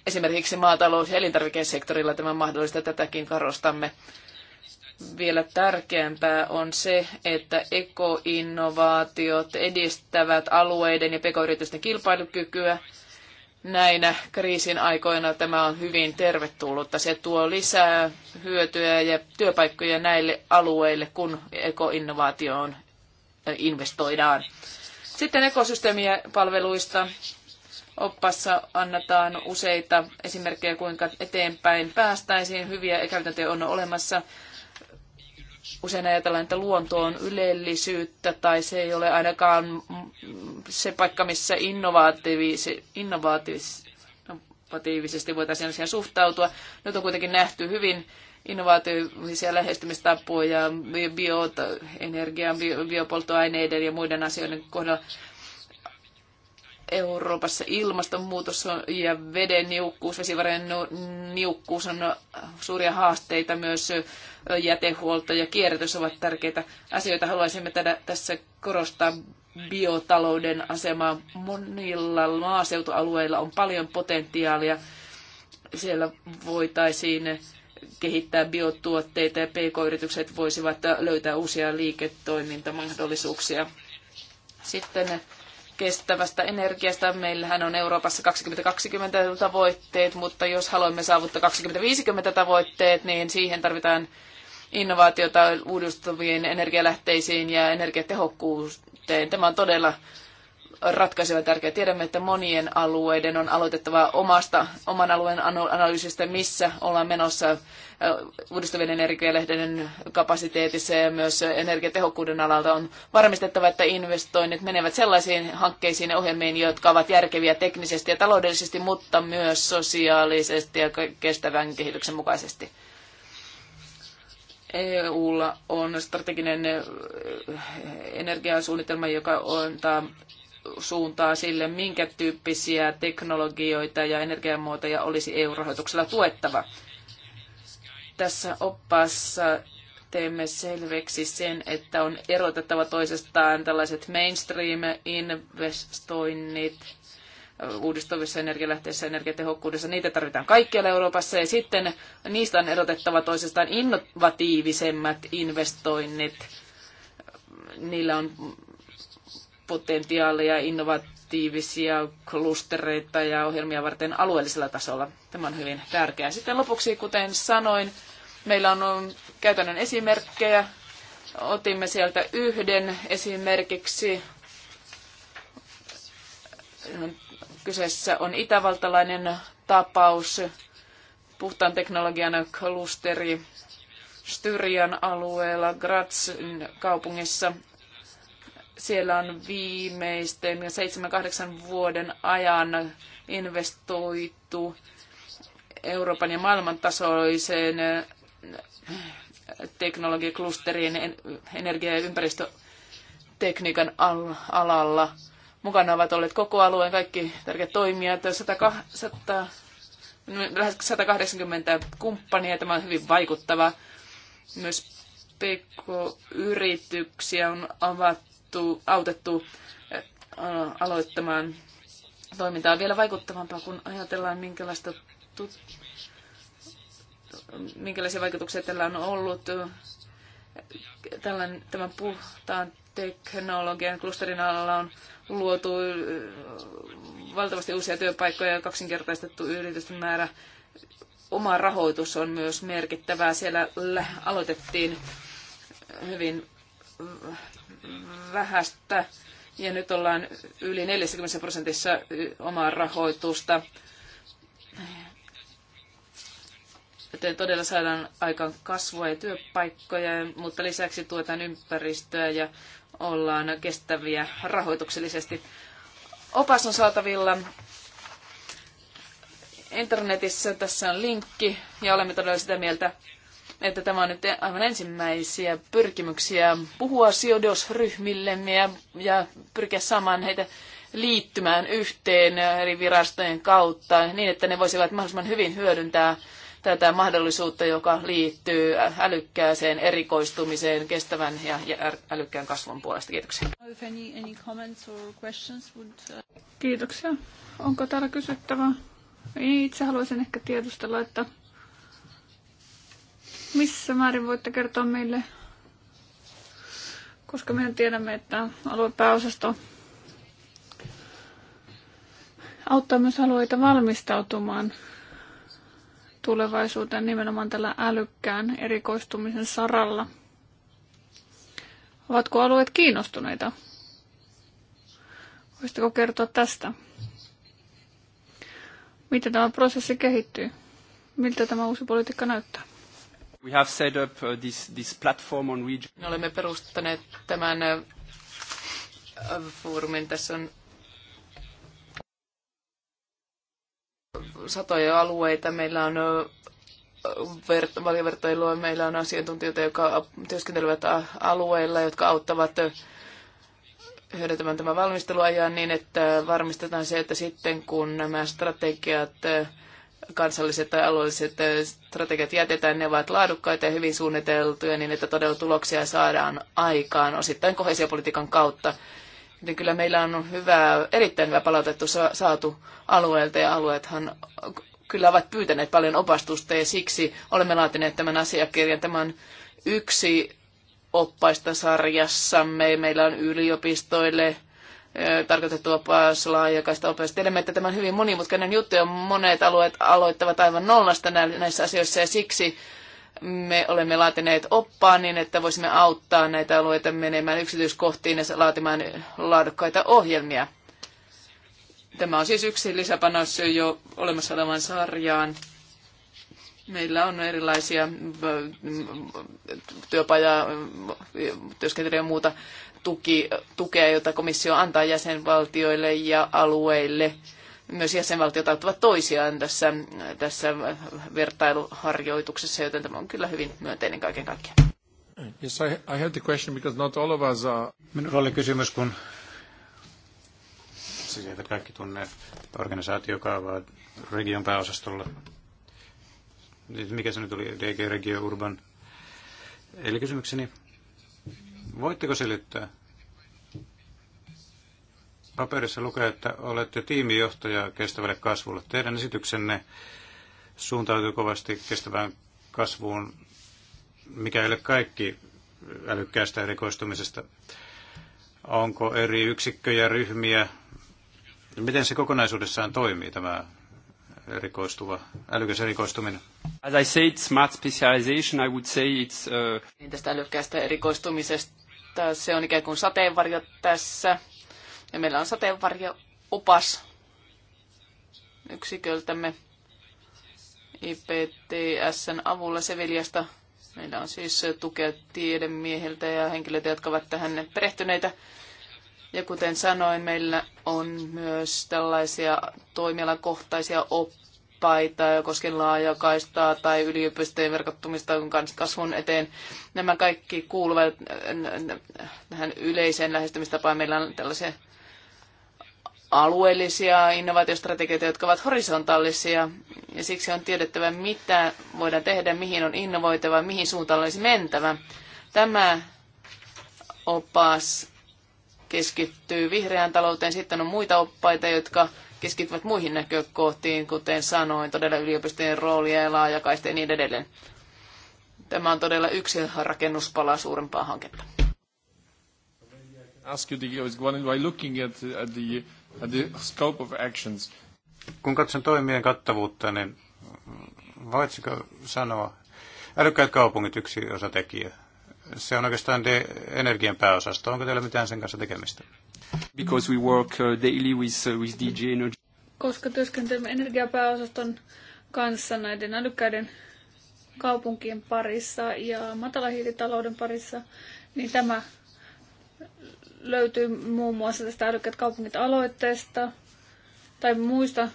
Esimerkiksi maatalous- ja elintarvikesektorilla tämä on mahdollista, tätäkin korostamme. Vielä tärkeämpää on se, että ekoinnovaatiot edistävät alueiden ja pk-yritysten kilpailukykyä näinä kriisin aikoina tämä on hyvin tervetullutta. Se tuo lisää hyötyä ja työpaikkoja näille alueille, kun ekoinnovaatioon investoidaan. Sitten ekosysteemipalveluista. Oppassa annetaan useita esimerkkejä, kuinka eteenpäin päästäisiin. Hyviä käytäntöjä on olemassa usein ajatellaan, että luonto on ylellisyyttä tai se ei ole ainakaan se paikka, missä innovatiivisi, innovatiivisesti voitaisiin asiaan suhtautua. Nyt on kuitenkin nähty hyvin innovatiivisia lähestymistapoja bioenergian, biopolttoaineiden ja muiden asioiden kohdalla. Euroopassa ilmastonmuutos on, ja veden niukkuus, vesivarojen niukkuus on suuria haasteita. Myös jätehuolto ja kierrätys ovat tärkeitä asioita. Haluaisimme tädä, tässä korostaa biotalouden asemaa. Monilla maaseutualueilla on paljon potentiaalia. Siellä voitaisiin kehittää biotuotteita ja pk-yritykset voisivat löytää uusia liiketoimintamahdollisuuksia. Sitten kestävästä energiasta. Meillähän on Euroopassa 2020 tavoitteet, mutta jos haluamme saavuttaa 2050 tavoitteet, niin siihen tarvitaan innovaatiota uudistuviin energialähteisiin ja energiatehokkuuteen. Tämä on todella ratkaiseva tärkeä. Tiedämme, että monien alueiden on aloitettava omasta, oman alueen analyysistä, missä ollaan menossa uudistuvien energialähteiden kapasiteetissa ja myös energiatehokkuuden alalta on varmistettava, että investoinnit menevät sellaisiin hankkeisiin ja ohjelmiin, jotka ovat järkeviä teknisesti ja taloudellisesti, mutta myös sosiaalisesti ja kestävän kehityksen mukaisesti. EUlla on strateginen energiasuunnitelma, joka antaa suuntaa sille, minkä tyyppisiä teknologioita ja energiamuotoja olisi EU-rahoituksella tuettava. Tässä oppaassa teemme selväksi sen, että on erotettava toisestaan tällaiset mainstream-investoinnit uudistuvissa energialähteissä, energiatehokkuudessa, niitä tarvitaan kaikkialla Euroopassa. Ja sitten niistä on erotettava toisestaan innovatiivisemmat investoinnit. Niillä on potentiaalia, innovatiivisia klustereita ja ohjelmia varten alueellisella tasolla. Tämä on hyvin tärkeää. Sitten lopuksi, kuten sanoin, meillä on käytännön esimerkkejä. Otimme sieltä yhden esimerkiksi. Kyseessä on itävaltalainen tapaus, puhtaan teknologian klusteri Styrian alueella, Grazin kaupungissa siellä on viimeisten 7-8 vuoden ajan investoitu Euroopan ja maailman tasoiseen äh, teknologiaklusteriin energia- ja ympäristötekniikan alalla. Mukana ovat olleet koko alueen kaikki tärkeät toimijat, 100, lähes 180 kumppania. Tämä on hyvin vaikuttava. Myös PK-yrityksiä on avattu autettu, autettu aloittamaan toimintaa vielä vaikuttavampaa, kun ajatellaan, minkälaista tut- minkälaisia vaikutuksia tällä on ollut tällän, tämän puhtaan teknologian klusterin alalla on luotu valtavasti uusia työpaikkoja ja kaksinkertaistettu yritysten määrä. Oma rahoitus on myös merkittävää. Siellä aloitettiin hyvin vähästä ja nyt ollaan yli 40 prosentissa omaa rahoitusta. Joten todella saadaan aikaan kasvua ja työpaikkoja, mutta lisäksi tuetaan ympäristöä ja ollaan kestäviä rahoituksellisesti. Opas on saatavilla internetissä, tässä on linkki ja olemme todella sitä mieltä, että tämä on nyt aivan ensimmäisiä pyrkimyksiä puhua sijoitusryhmillemme ja, ja pyrkiä saamaan heitä liittymään yhteen eri virastojen kautta niin, että ne voisivat mahdollisimman hyvin hyödyntää tätä mahdollisuutta, joka liittyy älykkääseen erikoistumiseen kestävän ja älykkään kasvun puolesta. Kiitoksia. Uh, Kiitoksia. Onko täällä kysyttävää? Niin, itse haluaisin ehkä tiedustella, että missä määrin voitte kertoa meille? Koska me tiedämme, että aluepääosasto auttaa myös alueita valmistautumaan tulevaisuuteen nimenomaan tällä älykkään erikoistumisen saralla. Ovatko alueet kiinnostuneita? Voisitteko kertoa tästä? Miten tämä prosessi kehittyy? Miltä tämä uusi politiikka näyttää? We have set up uh, this, this platform on region. Me olemme perustaneet tämän uh, foorumin. Tässä on satoja alueita. Meillä on uh, vert- valiovertailua, meillä on asiantuntijoita, jotka työskentelevät alueilla, jotka auttavat hyödyntämään tämän valmisteluajan niin, että varmistetaan se, että sitten kun nämä strategiat kansalliset tai alueelliset strategiat jätetään, ne ovat laadukkaita ja hyvin suunniteltuja niin, että todella tuloksia saadaan aikaan osittain kohesiopolitiikan kautta. Joten kyllä meillä on hyvää, erittäin hyvä palautettu saatu alueelta ja alueethan kyllä ovat pyytäneet paljon opastusta ja siksi olemme laatineet tämän asiakirjan. Tämä on yksi oppaista sarjassamme. Meillä on yliopistoille, Tarkoitettu PaaS-laajakaista opettajista. Tiedämme, että tämä on hyvin monimutkainen juttu ja monet alueet aloittavat aivan nollasta näissä asioissa ja siksi me olemme laatineet oppaan niin, että voisimme auttaa näitä alueita menemään yksityiskohtiin ja laatimaan laadukkaita ohjelmia. Tämä on siis yksi lisäpanos jo olemassa olevan sarjaan Meillä on erilaisia mm, mm, työpajaa, mm, työskentelyä ja muuta tuki, tukea, jota komissio antaa jäsenvaltioille ja alueille. Myös jäsenvaltiot auttavat toisiaan tässä, tässä vertailuharjoituksessa, joten tämä on kyllä hyvin myönteinen kaiken kaikkiaan. Yes, I, I had the question because not all of us are... Minulla oli kysymys, kun siis eivät kaikki tunne organisaatiokaavaa region pääosastolla. Siis mikä se nyt oli, DG Regio Urban. Eli kysymykseni, voitteko selittää? Paperissa lukee, että olette tiimijohtaja kestävälle kasvulle. Teidän esityksenne suuntautuu kovasti kestävään kasvuun, mikä ei ole kaikki älykkäästä erikoistumisesta. Onko eri yksikköjä, ryhmiä? Miten se kokonaisuudessaan toimii tämä erikoistuva, älykäs erikoistuminen? As I said, smart specialization, I would say it's... Uh... Niin tästä älykkäästä erikoistumisesta, se on ikään kuin sateenvarjo tässä. Ja meillä on sateenvarjo opas yksiköltämme IPTSn avulla Seviljasta. Meillä on siis tukea tiedemieheltä ja henkilöitä, jotka ovat tähän perehtyneitä ja kuten sanoin, meillä on myös tällaisia toimialakohtaisia oppaita koskien laajakaistaa tai yliopistojen verkottumista kasvun eteen. Nämä kaikki kuuluvat tähän yleiseen lähestymistapaan. Meillä on tällaisia alueellisia innovaatiostrategioita, jotka ovat horisontaalisia, ja siksi on tiedettävä, mitä voidaan tehdä, mihin on innovoitava, mihin suuntaan olisi mentävä. Tämä opas keskittyy vihreään talouteen. Sitten on muita oppaita, jotka keskittyvät muihin näkökohtiin, kuten sanoin, todella yliopistojen roolia ja laajakaista ja niin edelleen. Tämä on todella yksi rakennuspala suurempaa hanketta. Kun katson toimien kattavuutta, niin voitko sanoa, älykkäät kaupungit yksi osatekijä, se on oikeastaan de energian pääosasto. Onko teillä mitään sen kanssa tekemistä? Because we work uh, daily with, uh, with DG Energy. Koska työskentelemme energiapääosaston kanssa näiden älykkäiden kaupunkien parissa ja matalahiilitalouden parissa, niin tämä löytyy muun muassa tästä älykkäät kaupungit aloitteesta tai muista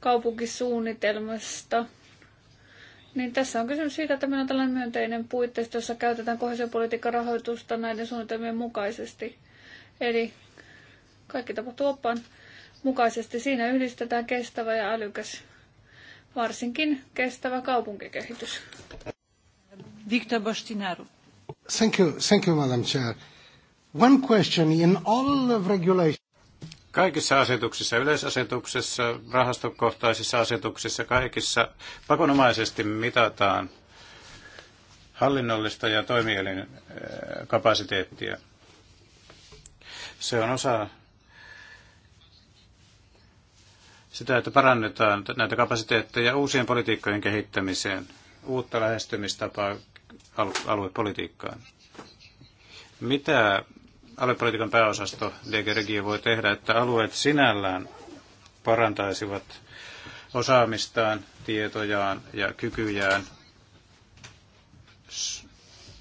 kaupunkisuunnitelmasta – niin tässä on kysymys siitä, että meillä on tällainen myönteinen puitteista, jossa käytetään kohesiopolitiikan rahoitusta näiden suunnitelmien mukaisesti. Eli kaikki tapahtuu oppaan mukaisesti. Siinä yhdistetään kestävä ja älykäs, varsinkin kestävä kaupunkikehitys. Viktor Bostinaru. Thank you, thank you, Madam Chair. One question in all of regulation. Kaikissa asetuksissa, yleisasetuksessa, rahastokohtaisissa asetuksissa, kaikissa pakonomaisesti mitataan hallinnollista ja toimielin eh, kapasiteettia. Se on osa sitä, että parannetaan näitä kapasiteetteja uusien politiikkojen kehittämiseen, uutta lähestymistapaa aluepolitiikkaan. Mitä aluepolitiikan pääosasto DGRG voi tehdä, että alueet sinällään parantaisivat osaamistaan, tietojaan ja kykyjään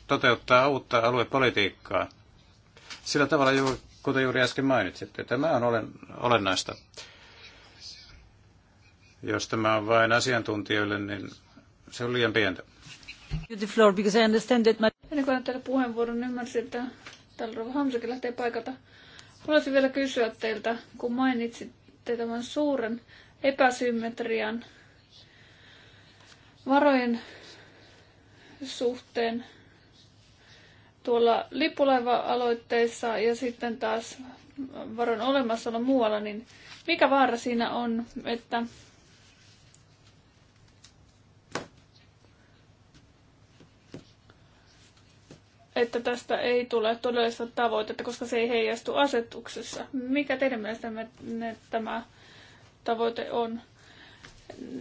toteuttaa uutta aluepolitiikkaa. Sillä tavalla, kuten juuri äsken mainitsitte, tämä on olen, olennaista. Jos tämä on vain asiantuntijoille, niin se on liian pientä. Ennen kuin annan teille puheenvuoron, niin ymmärsin, että Täällä Rova Hamsakin lähtee paikalta. Haluaisin vielä kysyä teiltä, kun mainitsitte tämän suuren epäsymmetrian varojen suhteen tuolla lippulaiva-aloitteessa ja sitten taas varon olemassaolo muualla, niin mikä vaara siinä on, että että tästä ei tule todellista tavoitetta, koska se ei heijastu asetuksessa. Mikä teidän mielestänne tämä tavoite on?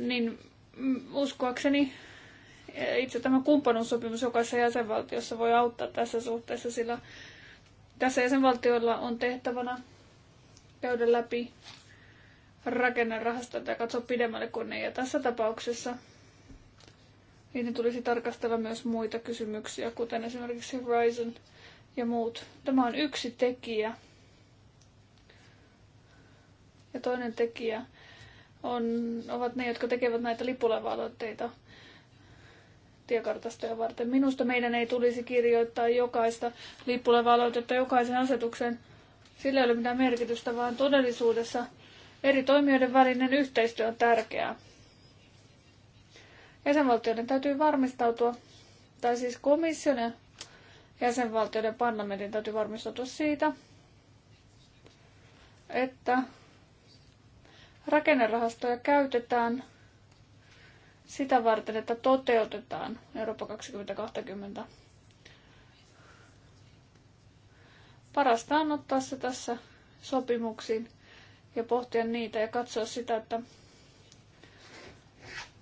Niin mm, uskoakseni eh, itse tämä kumppanuussopimus jokaisessa jäsenvaltiossa voi auttaa tässä suhteessa, sillä tässä jäsenvaltiolla on tehtävänä käydä läpi rakennerahastot ja katsoa pidemmälle kuin ne. Ja tässä tapauksessa niiden tulisi tarkastella myös muita kysymyksiä, kuten esimerkiksi Horizon ja muut. Tämä on yksi tekijä. Ja toinen tekijä on, ovat ne, jotka tekevät näitä lipulevaloitteita aloitteita tiekartastoja varten. Minusta meidän ei tulisi kirjoittaa jokaista lippulevaloitetta jokaisen asetuksen. Sillä ei ole mitään merkitystä, vaan todellisuudessa eri toimijoiden välinen yhteistyö on tärkeää. Jäsenvaltioiden täytyy varmistautua, tai siis komission ja jäsenvaltioiden parlamentin täytyy varmistautua siitä, että rakennerahastoja käytetään sitä varten, että toteutetaan Eurooppa 2020. Parasta on ottaa se tässä sopimuksiin ja pohtia niitä ja katsoa sitä, että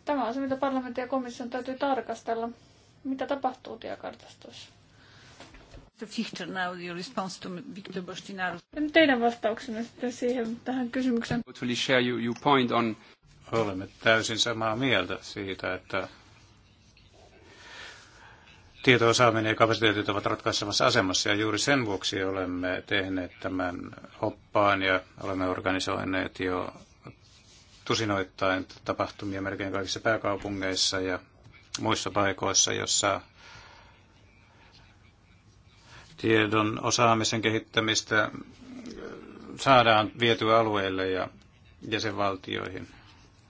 Tämä on se, mitä parlamentin ja komission täytyy tarkastella. Mitä tapahtuu tiekartastossa? Teidän vastauksenne sitten siihen tähän kysymykseen. point on... Olemme täysin samaa mieltä siitä, että tietoosaaminen ja kapasiteetit ovat ratkaisevassa asemassa ja juuri sen vuoksi olemme tehneet tämän oppaan ja olemme organisoineet jo tusinoittain tapahtumia melkein kaikissa pääkaupungeissa ja muissa paikoissa, jossa tiedon osaamisen kehittämistä saadaan vietyä alueille ja jäsenvaltioihin.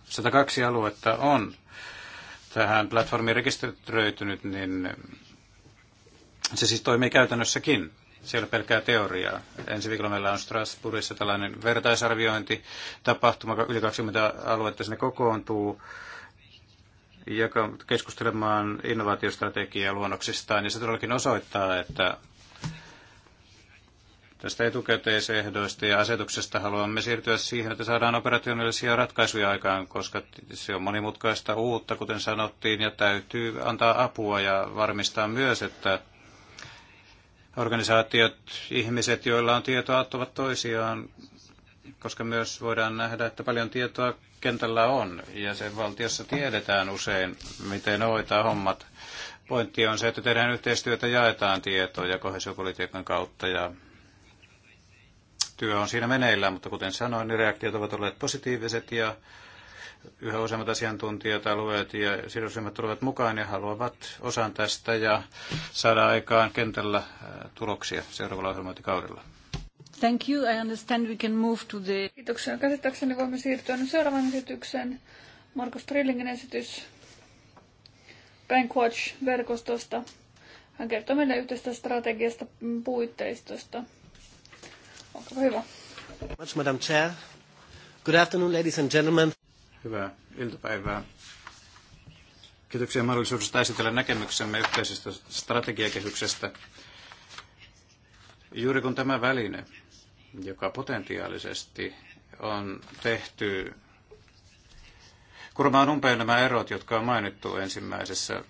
102 aluetta on tähän platformiin rekisteröitynyt, niin se siis toimii käytännössäkin se ei ole pelkkää teoriaa. Ensi viikolla meillä on Strasbourgissa tällainen vertaisarviointi tapahtuma, yli 20 aluetta sinne kokoontuu joka keskustelemaan innovaatiostrategiaa luonnoksistaan, ja se todellakin osoittaa, että tästä etukäteisehdoista ja asetuksesta haluamme siirtyä siihen, että saadaan operationaalisia ratkaisuja aikaan, koska se on monimutkaista uutta, kuten sanottiin, ja täytyy antaa apua ja varmistaa myös, että organisaatiot, ihmiset, joilla on tietoa, auttavat toisiaan, koska myös voidaan nähdä, että paljon tietoa kentällä on. Ja sen valtiossa tiedetään usein, miten hoitaa hommat. Pointti on se, että tehdään yhteistyötä, jaetaan tietoja kohesiopolitiikan kautta ja työ on siinä meneillään, mutta kuten sanoin, niin reaktiot ovat olleet positiiviset ja yhä useammat asiantuntijat, alueet ja sidosryhmät tulevat mukaan ja haluavat osan tästä ja saada aikaan kentällä äh, tuloksia seuraavalla ohjelmointikaudella. Thank you. I understand we can move to the... Kiitoksia. Käsittääkseni voimme siirtyä nyt seuraavaan esitykseen. Marko Strillingin esitys Bankwatch-verkostosta. Hän kertoo meille yhteistä strategiasta mm, puitteistosta. Olkaa hyvä. Much, Madam Chair. Good afternoon, ladies and gentlemen. Hyvää iltapäivää. Kiitoksia mahdollisuudesta esitellä näkemyksemme yhteisestä strategiakehyksestä. Juuri kun tämä väline, joka potentiaalisesti on tehty kurmaan umpeen nämä erot, jotka on mainittu ensimmäisessä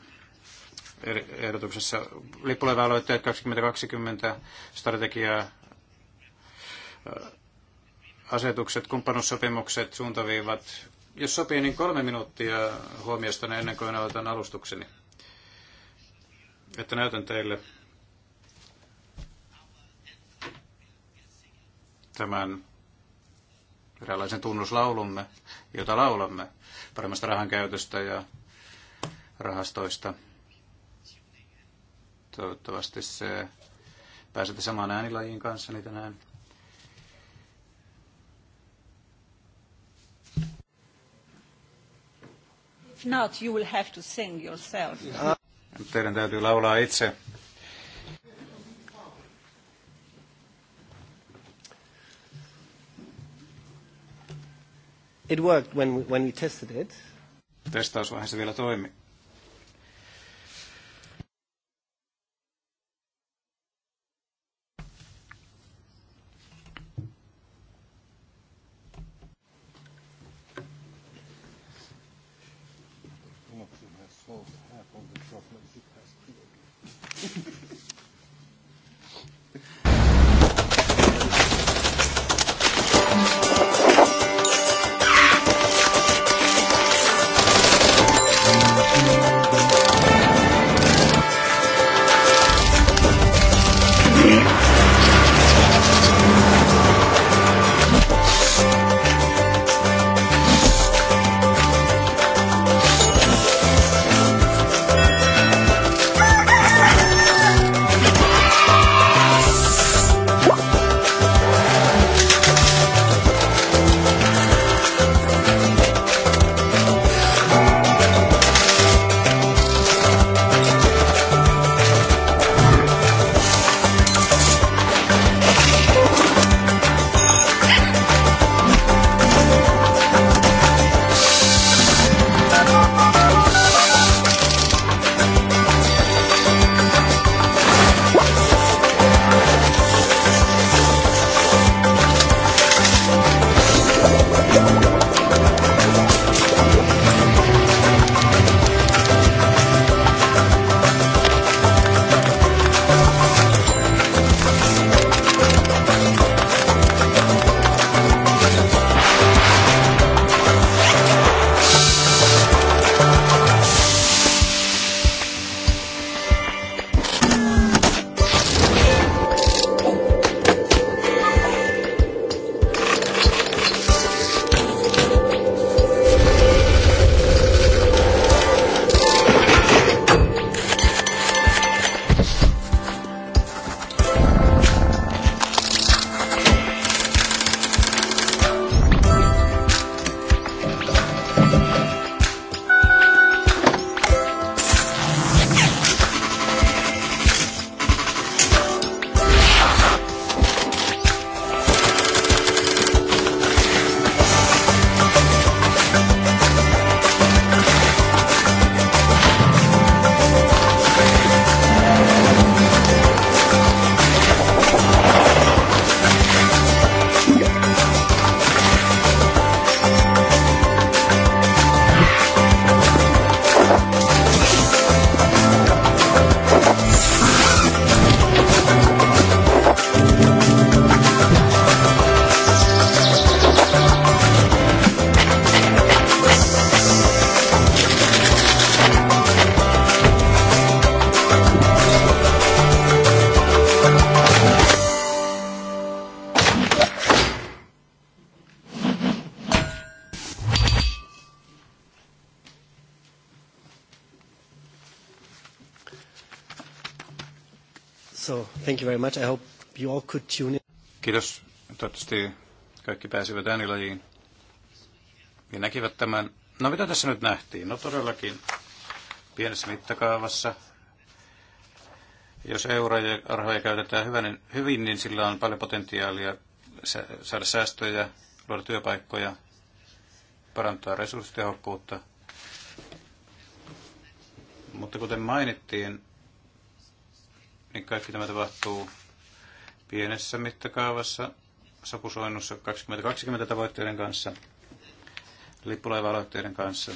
ehdotuksessa. lippuleva 2020 strategiaa, asetukset, kumppanussopimukset, suuntaviivat, jos sopii, niin kolme minuuttia huomiosta ennen kuin aloitan alustukseni. Että näytän teille tämän eräänlaisen tunnuslaulumme, jota laulamme paremmasta rahan käytöstä ja rahastoista. Toivottavasti se pääsette samaan äänilajiin kanssa tänään. not, you will have to sing yourself. Teidän täytyy laulaa itse. It worked when we, when we tested it. Testausvaiheessa vielä toimi. Thank you very much. I hope you all could tune in. Kiitos. Toivottavasti kaikki pääsivät äänilajiin ja näkivät tämän. No mitä tässä nyt nähtiin? No todellakin pienessä mittakaavassa. Jos euroja käytetään hyvän, niin, hyvin, niin sillä on paljon potentiaalia saada säästöjä, luoda työpaikkoja, parantaa resurssitehokkuutta. Mutta kuten mainittiin, niin kaikki tämä tapahtuu pienessä mittakaavassa sopusoinnussa 2020 tavoitteiden kanssa, lippulaiva-aloitteiden kanssa.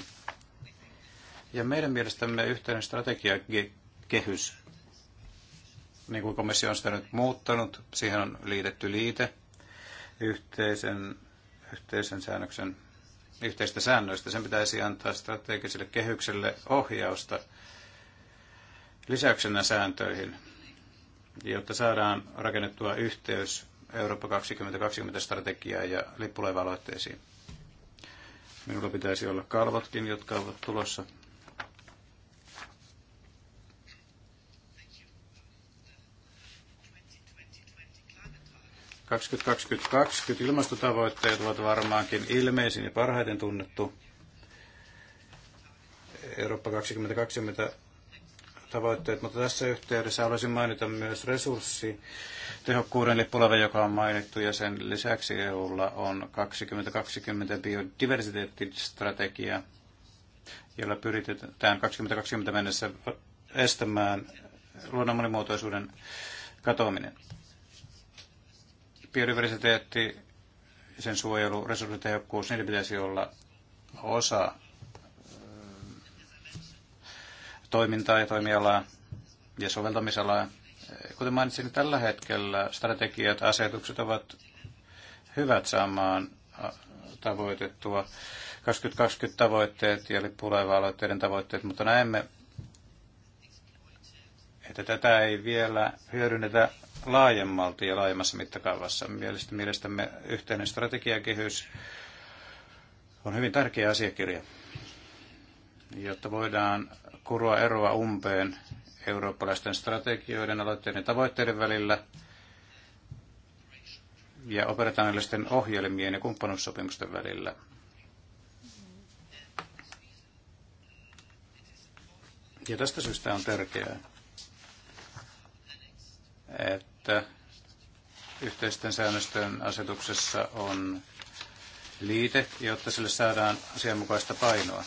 Ja meidän mielestämme yhteinen strategiakehys, niin kuin komissio on sitä nyt muuttanut, siihen on liitetty liite yhteisen, yhteisen säännöksen yhteistä säännöistä. Sen pitäisi antaa strategiselle kehykselle ohjausta lisäyksenä sääntöihin, jotta saadaan rakennettua yhteys Eurooppa 2020-strategiaa ja lippulevaloitteisiin. Minulla pitäisi olla kalvotkin, jotka ovat tulossa. kaksikymmentä ilmastotavoitteet ovat varmaankin ilmeisin ja parhaiten tunnettu Eurooppa 2020 tavoitteet, mutta tässä yhteydessä haluaisin mainita myös tehokkuuden lippulave, joka on mainittu, ja sen lisäksi EUlla on 2020 biodiversiteettistrategia, jolla pyritään 2020 mennessä estämään luonnon monimuotoisuuden katoaminen. Biodiversiteetti, sen suojelu, resurssitehokkuus, niiden pitäisi olla osa toimintaa ja toimialaa ja soveltamisalaa. Kuten mainitsin, tällä hetkellä strategiat, asetukset ovat hyvät saamaan tavoitettua 2020 tavoitteet ja lippulaiva-aloitteiden tavoitteet, mutta näemme, että tätä ei vielä hyödynnetä laajemmalti ja laajemmassa mittakaavassa. Mielestämme yhteinen strategiakehys on hyvin tärkeä asiakirja, jotta voidaan kuroa eroa umpeen eurooppalaisten strategioiden, aloitteiden ja tavoitteiden välillä ja operationaalisten ohjelmien ja kumppanuussopimusten välillä. Ja tästä syystä on tärkeää, että yhteisten säännösten asetuksessa on liite, jotta sille saadaan asianmukaista painoa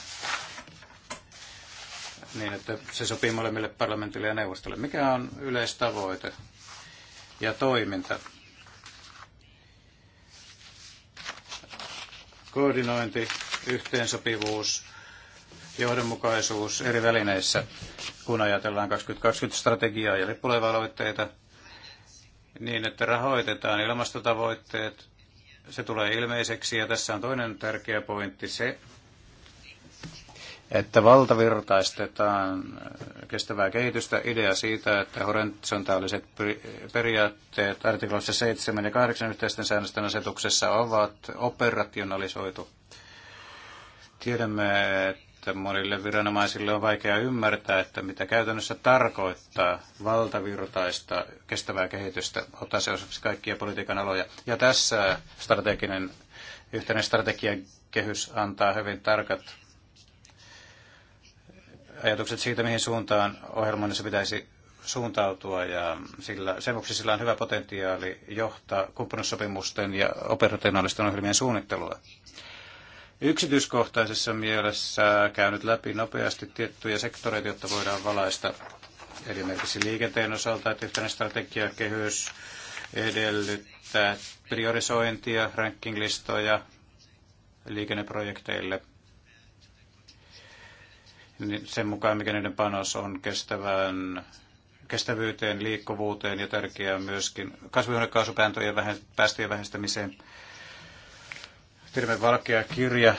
niin, että se sopii molemmille parlamentille ja neuvostolle. Mikä on yleistavoite ja toiminta? Koordinointi, yhteensopivuus, johdonmukaisuus eri välineissä, kun ajatellaan 2020-strategiaa ja lippulevaloitteita, niin että rahoitetaan ilmastotavoitteet, se tulee ilmeiseksi. Ja tässä on toinen tärkeä pointti, se, että valtavirtaistetaan kestävää kehitystä, idea siitä, että horisontaaliset periaatteet artikloissa 7 ja 8 yhteisten säännösten asetuksessa ovat operationalisoitu. Tiedämme, että monille viranomaisille on vaikea ymmärtää, että mitä käytännössä tarkoittaa valtavirtaista kestävää kehitystä, ottaa se osaksi kaikkia politiikan aloja. Ja tässä strateginen, yhteinen strategiakehys antaa hyvin tarkat ajatukset siitä, mihin suuntaan ohjelmoinnissa pitäisi suuntautua ja sillä, sen vuoksi sillä on hyvä potentiaali johtaa kumppanussopimusten ja operationaalisten ohjelmien suunnittelua. Yksityiskohtaisessa mielessä käynyt läpi nopeasti tiettyjä sektoreita, jotta voidaan valaista esimerkiksi liikenteen osalta, että yhtenä strategiakehys edellyttää priorisointia, rankinglistoja liikenneprojekteille – niin sen mukaan, mikä niiden panos on kestävään, kestävyyteen, liikkuvuuteen ja tärkeää myöskin kasvihuonekaasupäästöjen päästöjen vähentämiseen. Terve valkea kirja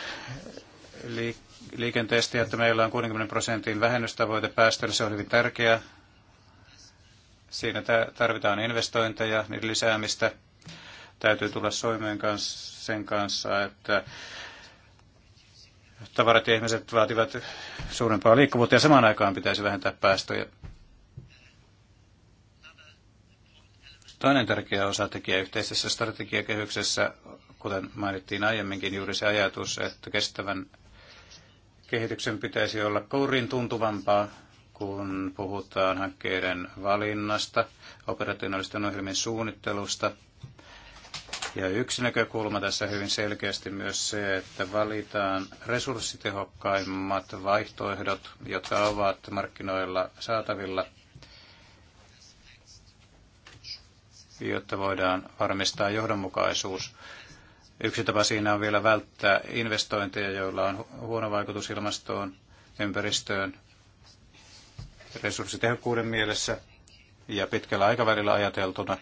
liikenteestä, että meillä on 60 prosentin vähennystavoite päästöllä Se on hyvin tärkeä. Siinä tarvitaan investointeja, niiden lisäämistä. Täytyy tulla soimeen kanssa, sen kanssa, että tavarat ja ihmiset vaativat suurempaa liikkuvuutta ja samaan aikaan pitäisi vähentää päästöjä. Toinen tärkeä osatekijä yhteisessä strategiakehyksessä, kuten mainittiin aiemminkin, juuri se ajatus, että kestävän kehityksen pitäisi olla kourin tuntuvampaa, kun puhutaan hankkeiden valinnasta, operationaalisten ohjelmien suunnittelusta – ja yksi näkökulma tässä hyvin selkeästi myös se, että valitaan resurssitehokkaimmat vaihtoehdot, jotka ovat markkinoilla saatavilla, jotta voidaan varmistaa johdonmukaisuus. Yksi tapa siinä on vielä välttää investointeja, joilla on huono vaikutus ilmastoon, ympäristöön, resurssitehokkuuden mielessä ja pitkällä aikavälillä ajateltuna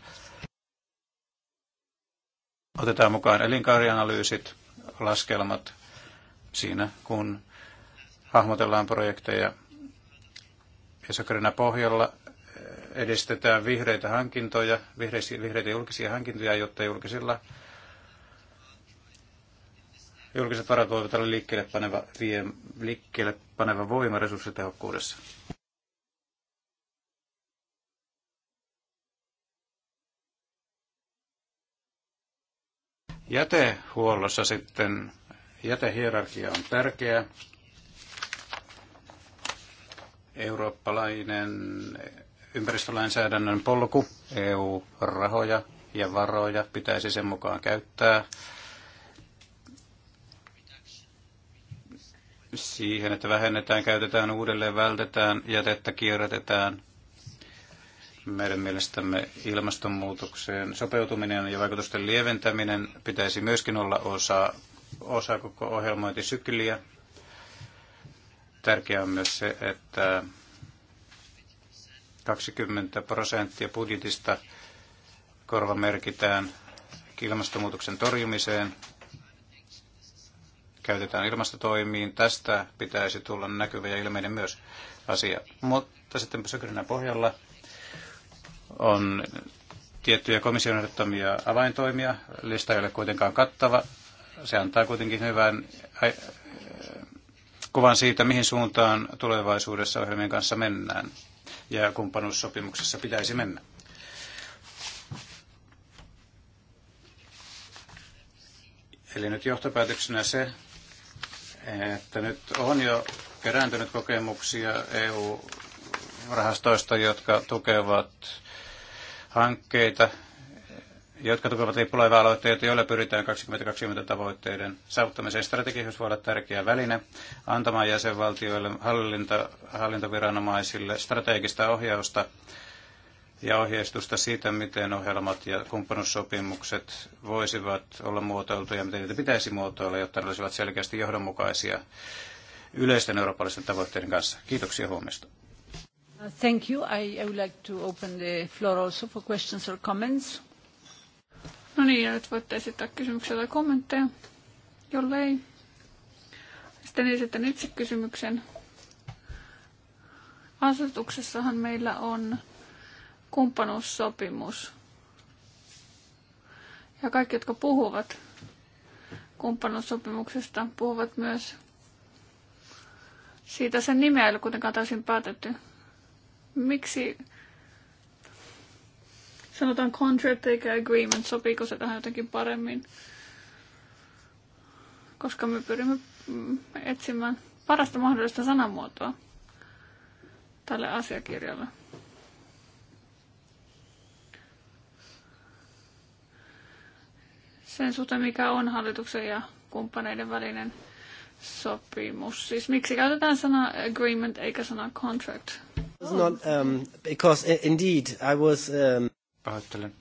Otetaan mukaan elinkaarianalyysit, laskelmat siinä, kun hahmotellaan projekteja. Ja pohjalla eh, edistetään vihreitä hankintoja, vihreitä julkisia hankintoja, jotta julkisilla julkiset varat voivat olla liikkeelle paneva, vie, liikkeelle paneva voima resurssitehokkuudessa. Jätehuollossa sitten jätehierarkia on tärkeä. Eurooppalainen ympäristölainsäädännön polku, EU-rahoja ja varoja pitäisi sen mukaan käyttää siihen, että vähennetään, käytetään uudelleen, vältetään, jätettä kierrätetään – meidän mielestämme ilmastonmuutokseen sopeutuminen ja vaikutusten lieventäminen pitäisi myöskin olla osa, osa koko ohjelmointisykliä. Tärkeää on myös se, että 20 prosenttia budjetista korva merkitään ilmastonmuutoksen torjumiseen, käytetään ilmastotoimiin. Tästä pitäisi tulla näkyvä ja ilmeinen myös asia. Mutta sitten pysykrynä pohjalla on tiettyjä komission ehdottamia avaintoimia. Lista ei ole kuitenkaan kattava. Se antaa kuitenkin hyvän kuvan siitä, mihin suuntaan tulevaisuudessa ohjelmien kanssa mennään ja kumppanuussopimuksessa pitäisi mennä. Eli nyt johtopäätöksenä se, että nyt on jo kerääntynyt kokemuksia EU-rahastoista, jotka tukevat hankkeita, jotka tukevat lippulaiva aloitteita, joilla pyritään 2020 tavoitteiden saavuttamiseen. Strategisuus siis voi olla tärkeä väline antamaan jäsenvaltioille hallinta, hallintoviranomaisille strategista ohjausta ja ohjeistusta siitä, miten ohjelmat ja kumppanuussopimukset voisivat olla muotoiltuja ja miten niitä pitäisi muotoilla, jotta ne olisivat selkeästi johdonmukaisia yleisten eurooppalaisten tavoitteiden kanssa. Kiitoksia huomiosta. Uh, thank you. I, I would like to open the floor also for questions or comments. No niin, ja nyt voitte esittää kysymyksiä tai kommentteja, jollei. Sitten esitän itse kysymyksen. Asetuksessahan meillä on kumppanuussopimus. Ja kaikki, jotka puhuvat kumppanuussopimuksesta, puhuvat myös siitä sen nimeä ei ole kuitenkaan täysin päätetty miksi sanotaan contract eikä agreement, sopiiko se tähän jotenkin paremmin? Koska me pyrimme mm, etsimään parasta mahdollista sanamuotoa tälle asiakirjalle. Sen suhteen, mikä on hallituksen ja kumppaneiden välinen sopimus. Siis miksi käytetään sana agreement eikä sana contract? Not, um, because uh, indeed I was, um... Pahoittelen.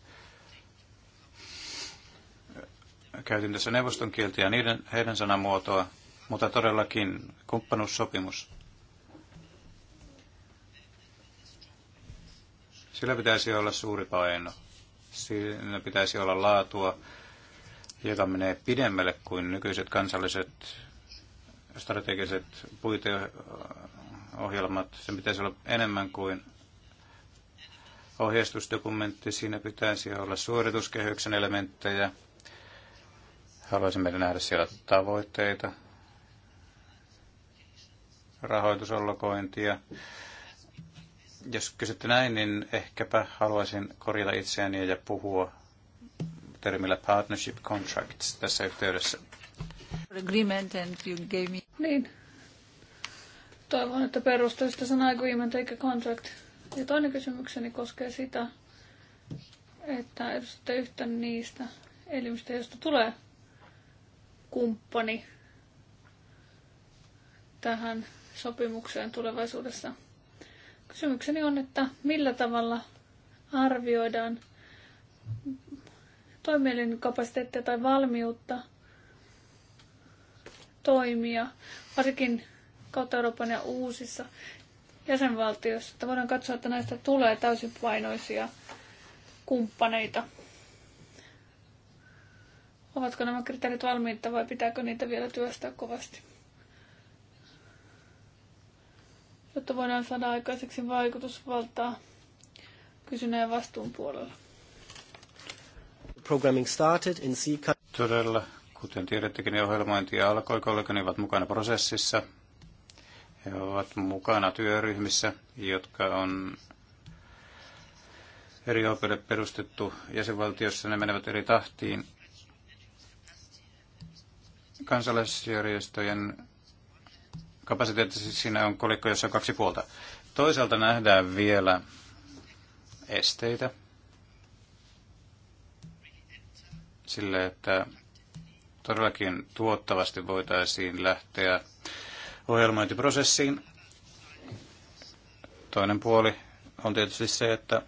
Käytin tässä neuvoston kieltä ja niiden, heidän sanamuotoa, mutta todellakin kumppanuussopimus. Sillä pitäisi olla suuri paino. Siinä pitäisi olla laatua, joka menee pidemmälle kuin nykyiset kansalliset strategiset puite ohjelmat, sen pitäisi olla enemmän kuin ohjeistusdokumentti. Siinä pitäisi olla suorituskehyksen elementtejä. Haluaisimme nähdä siellä tavoitteita, rahoitusallokointia. Jos kysytte näin, niin ehkäpä haluaisin korjata itseäni ja puhua termillä partnership contracts tässä yhteydessä. Agreement and you gave me... Niin, Toivon, että perusteista sana agreement eikä contract. Ja toinen kysymykseni koskee sitä, että edustatte yhtä niistä elimistä, joista tulee kumppani tähän sopimukseen tulevaisuudessa. Kysymykseni on, että millä tavalla arvioidaan toimielin kapasiteettia tai valmiutta toimia, varsinkin kautta Euroopan ja uusissa jäsenvaltioissa, että voidaan katsoa, että näistä tulee täysin painoisia kumppaneita. Ovatko nämä kriteerit valmiita vai pitääkö niitä vielä työstää kovasti? Jotta voidaan saada aikaiseksi vaikutusvaltaa kysyneen vastuun puolella. Programming started in C Todella, kuten tiedättekin, niin ohjelmointi alkoi, kollegani ovat mukana prosessissa. He ovat mukana työryhmissä, jotka on eri opille perustettu jäsenvaltiossa. Ne menevät eri tahtiin. Kansalaisjärjestöjen kapasiteetti siis siinä on kolikko, jossa on kaksi puolta. Toisaalta nähdään vielä esteitä sille, että todellakin tuottavasti voitaisiin lähteä ohjelmointiprosessiin. Toinen puoli on tietysti se, että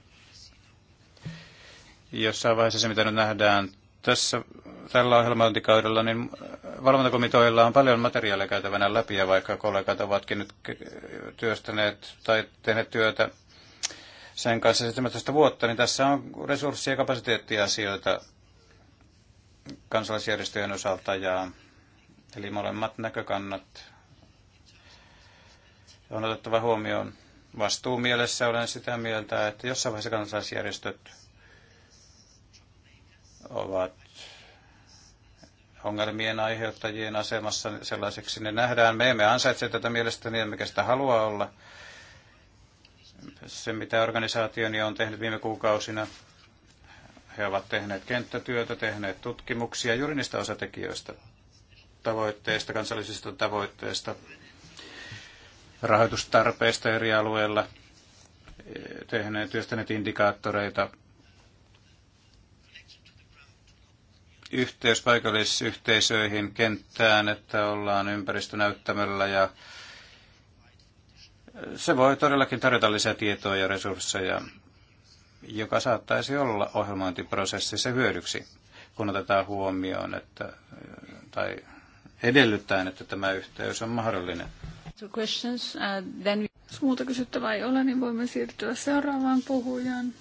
jossain vaiheessa se, mitä nyt nähdään tässä, tällä ohjelmointikaudella, niin valvontakomitoilla on paljon materiaalia käytävänä läpi, ja vaikka kollegat ovatkin nyt työstäneet tai tehneet työtä sen kanssa 17 vuotta, niin tässä on resurssi- ja kapasiteettiasioita kansalaisjärjestöjen osalta, ja eli molemmat näkökannat on otettava huomioon. Vastuumielessä olen sitä mieltä, että jossain vaiheessa kansalaisjärjestöt ovat ongelmien aiheuttajien asemassa sellaiseksi ne nähdään. Me emme ansaitse tätä mielestäni, emmekä sitä halua olla. Se, mitä organisaationi on tehnyt viime kuukausina, he ovat tehneet kenttätyötä, tehneet tutkimuksia juuri niistä osatekijöistä, tavoitteista, kansallisista tavoitteista, rahoitustarpeista eri alueilla, tehneet, työstäneet indikaattoreita, yhteys paikallisyhteisöihin, kenttään, että ollaan ympäristönäyttämällä ja se voi todellakin tarjota lisää tietoa ja resursseja, joka saattaisi olla ohjelmointiprosessissa hyödyksi, kun otetaan huomioon, että, tai edellyttäen, että tämä yhteys on mahdollinen questions, uh, then... Jos muuta kysyttävää ei ole, niin voimme siirtyä seuraavaan puhujaan.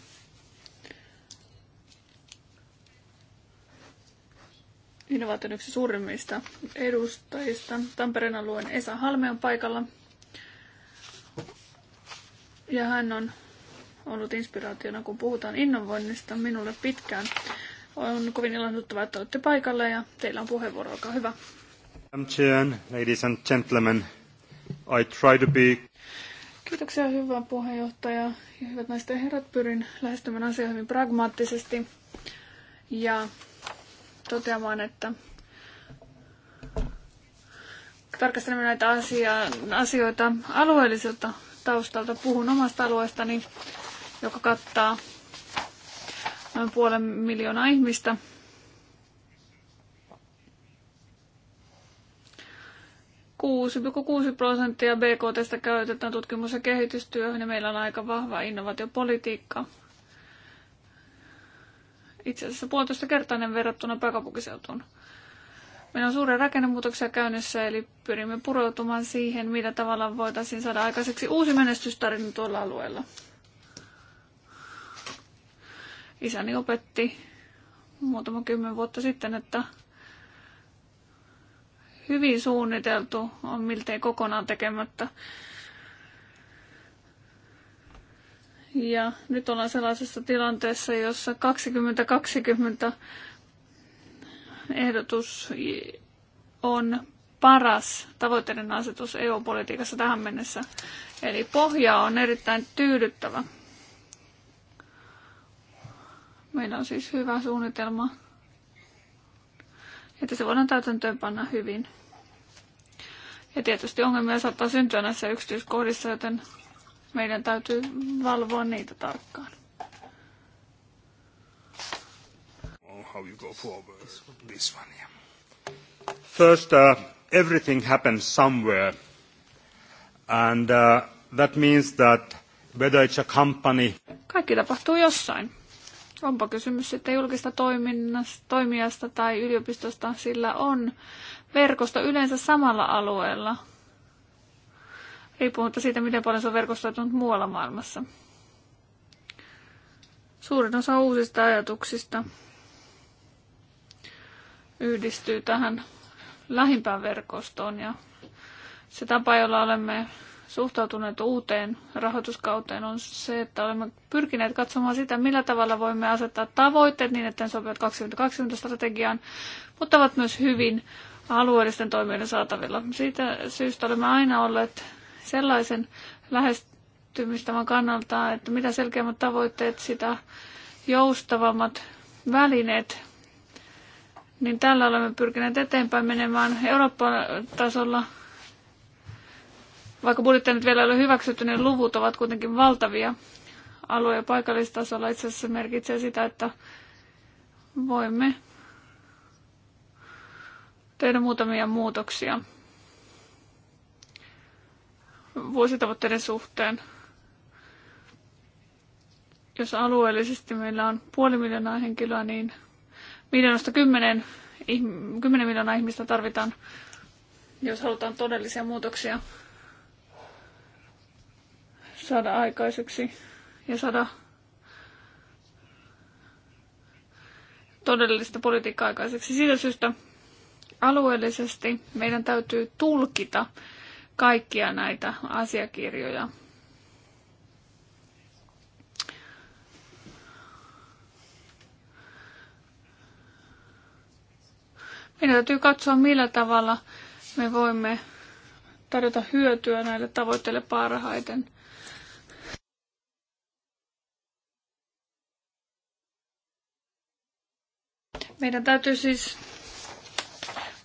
Innovaation yksi suurimmista edustajista. Tampereen alueen Esa Halme on paikalla. Ja hän on ollut inspiraationa, kun puhutaan innovoinnista minulle pitkään. On kovin ilahduttavaa, että olette paikalla ja teillä on puheenvuoro, olkaa hyvä. Ladies and gentlemen, I try to be... Kiitoksia hyvä puheenjohtaja ja hyvät naisten herrat. Pyrin lähestymään asiaa hyvin pragmaattisesti ja toteamaan, että tarkastelemme näitä asia, asioita alueelliselta taustalta. Puhun omasta alueestani, joka kattaa noin puolen miljoonaa ihmistä – 6,6 prosenttia BKTstä käytetään tutkimus- ja kehitystyöhön ja meillä on aika vahva innovaatiopolitiikka. Itse asiassa puolitoista kertainen verrattuna pääkaupunkiseutuun. Meillä on suuria rakennemuutoksia käynnissä, eli pyrimme pureutumaan siihen, mitä tavalla voitaisiin saada aikaiseksi uusi menestystarina tuolla alueella. Isäni opetti muutama kymmen vuotta sitten, että hyvin suunniteltu on miltei kokonaan tekemättä. Ja nyt ollaan sellaisessa tilanteessa, jossa 2020 ehdotus on paras tavoitteiden asetus EU-politiikassa tähän mennessä. Eli pohja on erittäin tyydyttävä. Meillä on siis hyvä suunnitelma, että se voidaan täytäntöönpanna hyvin. Ja tietysti ongelmia saattaa syntyä näissä yksityiskohdissa, joten meidän täytyy valvoa niitä tarkkaan. Oh, how you go forward. This one, yeah. First, uh, everything happens somewhere. And uh, that means that whether it's a company... Kaikki tapahtuu jossain. Onpa kysymys sitten julkista toiminnasta, toimijasta tai yliopistosta, sillä on verkosto yleensä samalla alueella, riippumatta siitä, miten paljon se on verkostoitunut muualla maailmassa. Suurin osa uusista ajatuksista yhdistyy tähän lähimpään verkostoon ja se tapa, jolla olemme suhtautuneet uuteen rahoituskauteen on se, että olemme pyrkineet katsomaan sitä, millä tavalla voimme asettaa tavoitteet niin, että ne sopivat 2020 strategiaan, mutta ovat myös hyvin alueellisten toimijoiden saatavilla. Siitä syystä olemme aina olleet sellaisen lähestymistavan kannalta, että mitä selkeämmät tavoitteet, sitä joustavammat välineet, niin tällä olemme pyrkineet eteenpäin menemään Euroopan tasolla. Vaikka budjettia nyt vielä ei ole hyväksytty, niin luvut ovat kuitenkin valtavia. Alue- ja paikallistasolla itse asiassa merkitsee sitä, että voimme tehdä muutamia muutoksia vuositavoitteiden suhteen. Jos alueellisesti meillä on puoli miljoonaa henkilöä, niin miljoonasta kymmenen, kymmenen miljoonaa ihmistä tarvitaan, jos halutaan todellisia muutoksia saada aikaiseksi ja saada todellista politiikkaa aikaiseksi. Siitä syystä alueellisesti meidän täytyy tulkita kaikkia näitä asiakirjoja. Meidän täytyy katsoa, millä tavalla me voimme tarjota hyötyä näille tavoitteille parhaiten. Meidän täytyy siis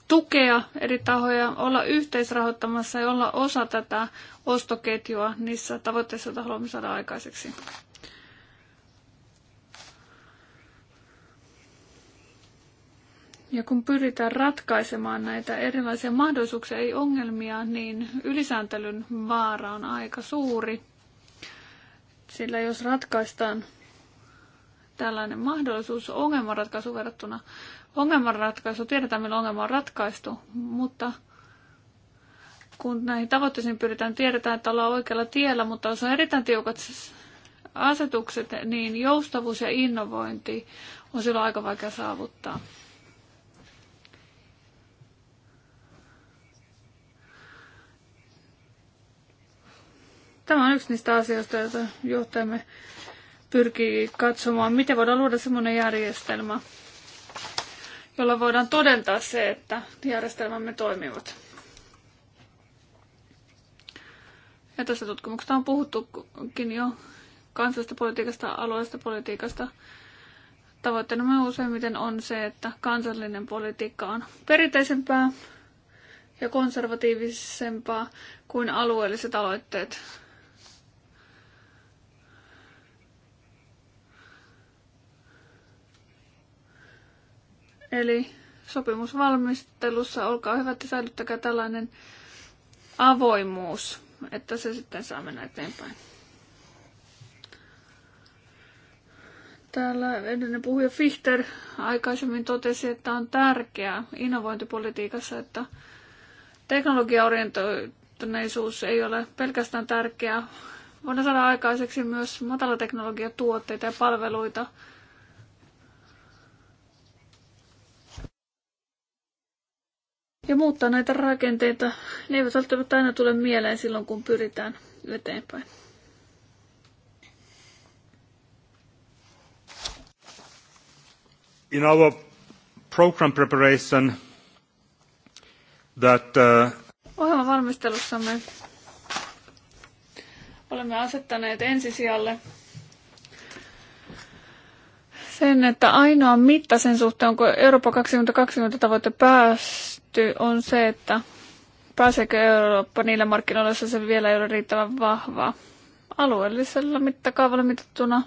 tukea eri tahoja, olla yhteisrahoittamassa ja olla osa tätä ostoketjua niissä tavoitteissa, joita haluamme saada aikaiseksi. Ja kun pyritään ratkaisemaan näitä erilaisia mahdollisuuksia, ei ongelmia, niin ylisääntelyn vaara on aika suuri. Sillä jos ratkaistaan tällainen mahdollisuus ongelmanratkaisu verrattuna ongelmanratkaisu, tiedetään milloin ongelma on ratkaistu, mutta kun näihin tavoitteisiin pyritään, tiedetään, että ollaan oikealla tiellä, mutta jos on erittäin tiukat asetukset, niin joustavuus ja innovointi on silloin aika vaikea saavuttaa. Tämä on yksi niistä asioista, joita johtajamme pyrkii katsomaan, miten voidaan luoda semmoinen järjestelmä, jolla voidaan todentaa se, että järjestelmämme toimivat. Ja tässä tutkimuksesta on puhuttukin jo kansallisesta politiikasta, alueesta politiikasta. Tavoitteenamme useimmiten on se, että kansallinen politiikka on perinteisempää ja konservatiivisempaa kuin alueelliset aloitteet Eli sopimusvalmistelussa olkaa hyvä, että säilyttäkää tällainen avoimuus, että se sitten saa mennä eteenpäin. Täällä edellinen puhuja Fichter aikaisemmin totesi, että on tärkeää innovointipolitiikassa, että teknologiaorientoituneisuus ei ole pelkästään tärkeää. Voidaan saada aikaiseksi myös matalateknologiatuotteita ja palveluita, ja muuttaa näitä rakenteita. Ne eivät välttämättä aina tule mieleen silloin, kun pyritään eteenpäin. In our program preparation that uh... Ohjelman valmistelussamme olemme asettaneet ensisijalle sen, että ainoa mitta sen suhteen, onko Eurooppa 2020 tavoite päässyt liittyy, on se, että pääseekö Eurooppa niillä markkinoilla, joissa se vielä ei ole riittävän vahvaa. Alueellisella mittakaavalla mitattuna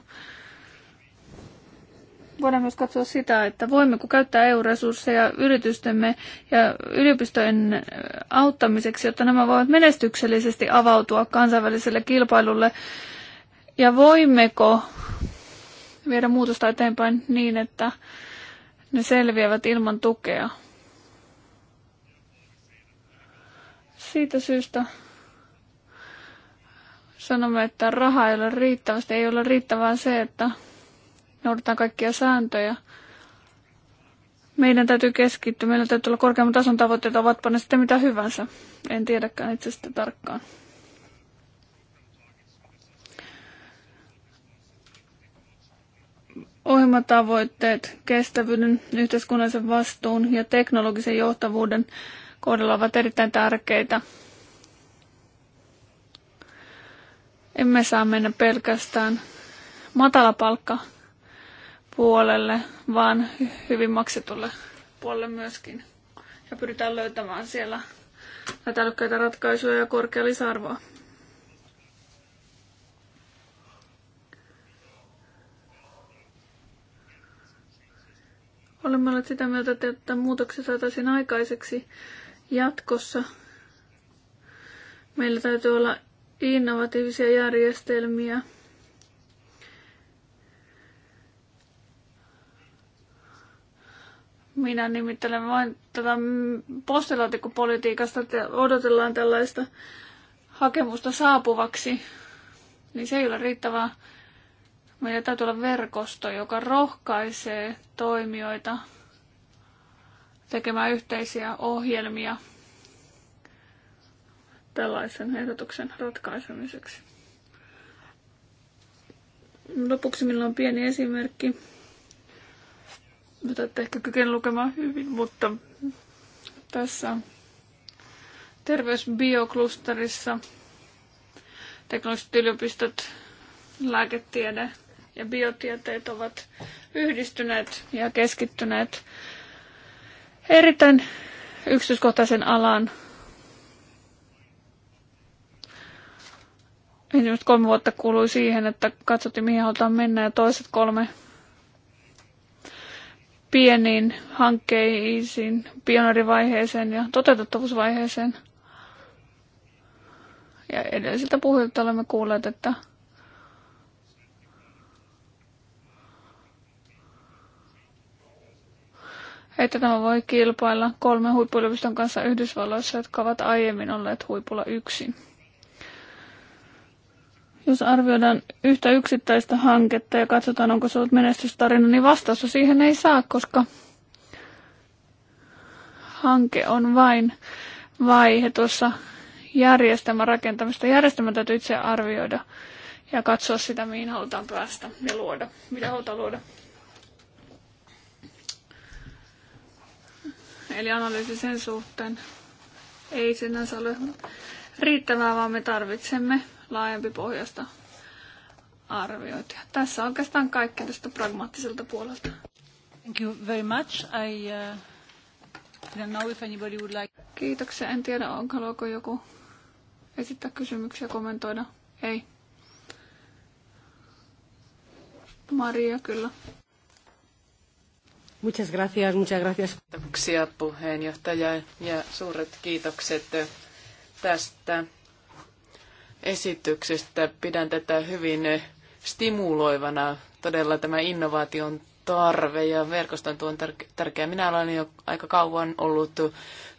voidaan myös katsoa sitä, että voimmeko käyttää EU-resursseja yritystemme ja yliopistojen auttamiseksi, jotta nämä voivat menestyksellisesti avautua kansainväliselle kilpailulle. Ja voimmeko viedä muutosta eteenpäin niin, että ne selviävät ilman tukea. Siitä syystä sanomme, että raha ei ole riittävästi. Ei ole riittävää se, että noudatetaan kaikkia sääntöjä. Meidän täytyy keskittyä. Meillä täytyy olla korkeamman tason tavoitteet, ovatpa ne sitten mitä hyvänsä. En tiedäkään itse sitä tarkkaan. ohjelmatavoitteet, kestävyyden, yhteiskunnallisen vastuun ja teknologisen johtavuuden kohdalla ovat erittäin tärkeitä. Emme saa mennä pelkästään matalapalkka puolelle, vaan hyvin maksetulle puolelle myöskin. Ja pyritään löytämään siellä näitä älykkäitä ratkaisuja ja korkea lisäarvoa. Olemme olleet sitä mieltä, että muutoksia saataisiin aikaiseksi jatkossa meillä täytyy olla innovatiivisia järjestelmiä. Minä nimittelen vain tätä postilaatikkopolitiikasta, että odotellaan tällaista hakemusta saapuvaksi, niin se ei ole riittävää. Meillä täytyy olla verkosto, joka rohkaisee toimijoita tekemään yhteisiä ohjelmia tällaisen ehdotuksen ratkaisemiseksi. Lopuksi minulla on pieni esimerkki, jota ette ehkä kykene lukemaan hyvin, mutta tässä terveysbioklusterissa teknologiset yliopistot, lääketiede ja biotieteet ovat yhdistyneet ja keskittyneet erittäin yksityiskohtaisen alan. Ensimmäiset kolme vuotta kului siihen, että katsottiin mihin halutaan mennä ja toiset kolme pieniin hankkeisiin, pionerivaiheeseen ja toteutettavuusvaiheeseen. Ja edellisiltä puhujilta olemme kuulleet, että että tämä voi kilpailla kolmen huippuyliopiston kanssa Yhdysvalloissa, jotka ovat aiemmin olleet huipulla yksin. Jos arvioidaan yhtä yksittäistä hanketta ja katsotaan, onko se ollut menestystarina, niin vastausta siihen ei saa, koska hanke on vain vaihe tuossa järjestelmän rakentamista. Järjestelmä täytyy itse arvioida ja katsoa sitä, mihin halutaan päästä ja luoda, mitä halutaan luoda. eli analyysi sen suhteen ei sinänsä ole riittävää, vaan me tarvitsemme laajempi pohjasta arviointia. Tässä on oikeastaan kaikki tästä pragmaattiselta puolelta. Thank you very much. I, uh, don't know if anybody would like... Kiitoksia. En tiedä, onko joku esittää kysymyksiä, kommentoida. Ei. Maria, kyllä. Muchas gracias, muchas gracias. Kiitoksia puheenjohtaja ja suuret kiitokset tästä esityksestä. Pidän tätä hyvin stimuloivana. Todella tämä innovaation tarve ja verkoston tuon tär- tärkeä. Minä olen jo aika kauan ollut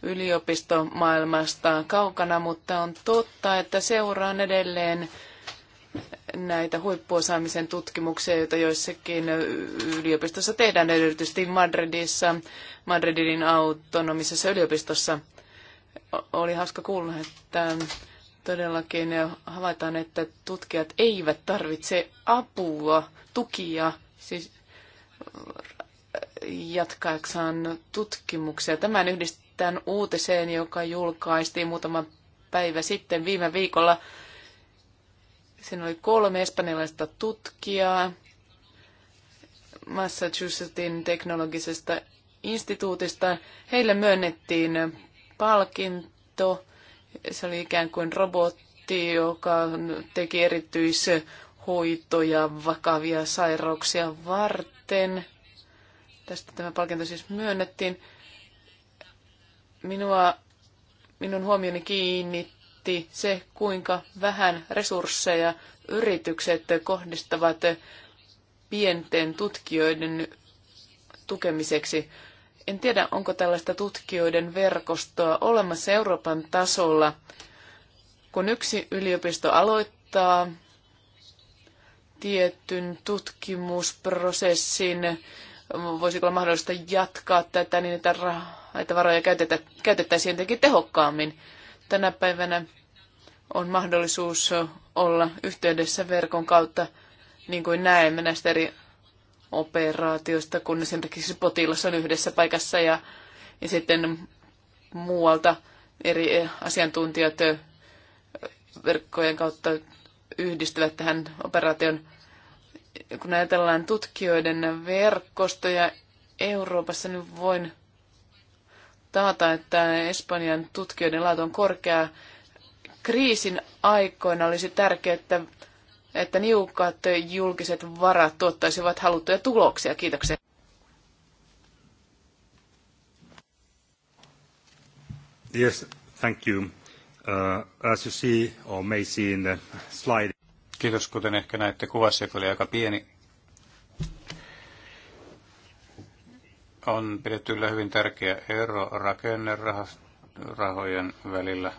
yliopistomaailmasta kaukana, mutta on totta, että seuraan edelleen näitä huippuosaamisen tutkimuksia, joita joissakin yliopistossa tehdään, erityisesti Madridissa, Madridin autonomisessa yliopistossa. Oli hauska kuulla, että todellakin havaitaan, että tutkijat eivät tarvitse apua, tukia, siis jatkaaksaan tutkimuksia. Tämän yhdistetään uutiseen, joka julkaistiin muutama päivä sitten viime viikolla Siinä oli kolme espanjalaista tutkijaa Massachusettsin teknologisesta instituutista. Heille myönnettiin palkinto. Se oli ikään kuin robotti, joka teki erityishoitoja vakavia sairauksia varten. Tästä tämä palkinto siis myönnettiin. Minua, minun huomioni kiinnitti erityisesti se, kuinka vähän resursseja yritykset kohdistavat pienten tutkijoiden tukemiseksi. En tiedä, onko tällaista tutkijoiden verkostoa olemassa Euroopan tasolla. Kun yksi yliopisto aloittaa tietyn tutkimusprosessin, voisiko olla mahdollista jatkaa tätä niin, että, rah- että varoja käytettäisiin jotenkin tehokkaammin. Tänä päivänä on mahdollisuus olla yhteydessä verkon kautta, niin kuin näemme näistä eri operaatioista, kun esimerkiksi potilas on yhdessä paikassa ja, ja sitten muualta eri asiantuntijat verkkojen kautta yhdistyvät tähän operaation. Kun ajatellaan tutkijoiden verkostoja Euroopassa, niin voin taata, että Espanjan tutkijoiden laatu on korkea kriisin aikoina olisi tärkeää, että, että niukat julkiset varat tuottaisivat haluttuja tuloksia. Kiitoksia. Yes, thank you. Uh, as you see or may see in the slide. Kiitos, kuten ehkä näette kuvassa, joka oli aika pieni. On pidetty yllä hyvin tärkeä ero rakennerahojen välillä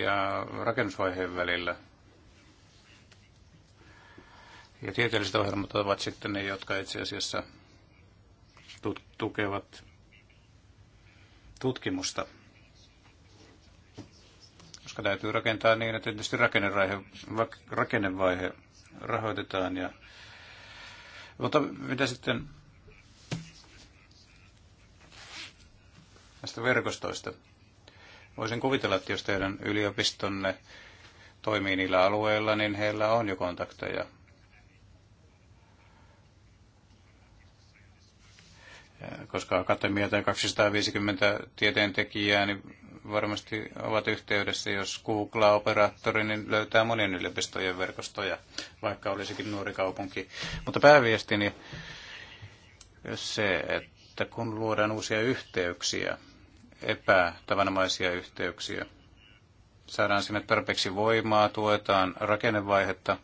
ja rakennusvaiheen välillä. Ja tieteelliset ohjelmat ovat sitten ne, jotka itse asiassa tukevat tutkimusta. Koska täytyy rakentaa niin, että tietysti rakennevaihe, rakennevaihe rahoitetaan. Ja, mutta mitä sitten näistä verkostoista? Voisin kuvitella, että jos teidän yliopistonne toimii niillä alueilla, niin heillä on jo kontakteja. Koska akatemia tai 250 tieteentekijää, niin varmasti ovat yhteydessä, jos googlaa operaattori, niin löytää monien yliopistojen verkostoja, vaikka olisikin nuori kaupunki. Mutta pääviestini se, että kun luodaan uusia yhteyksiä, epätavanomaisia yhteyksiä. Saadaan sinne tarpeeksi voimaa, tuetaan rakennevaihetta,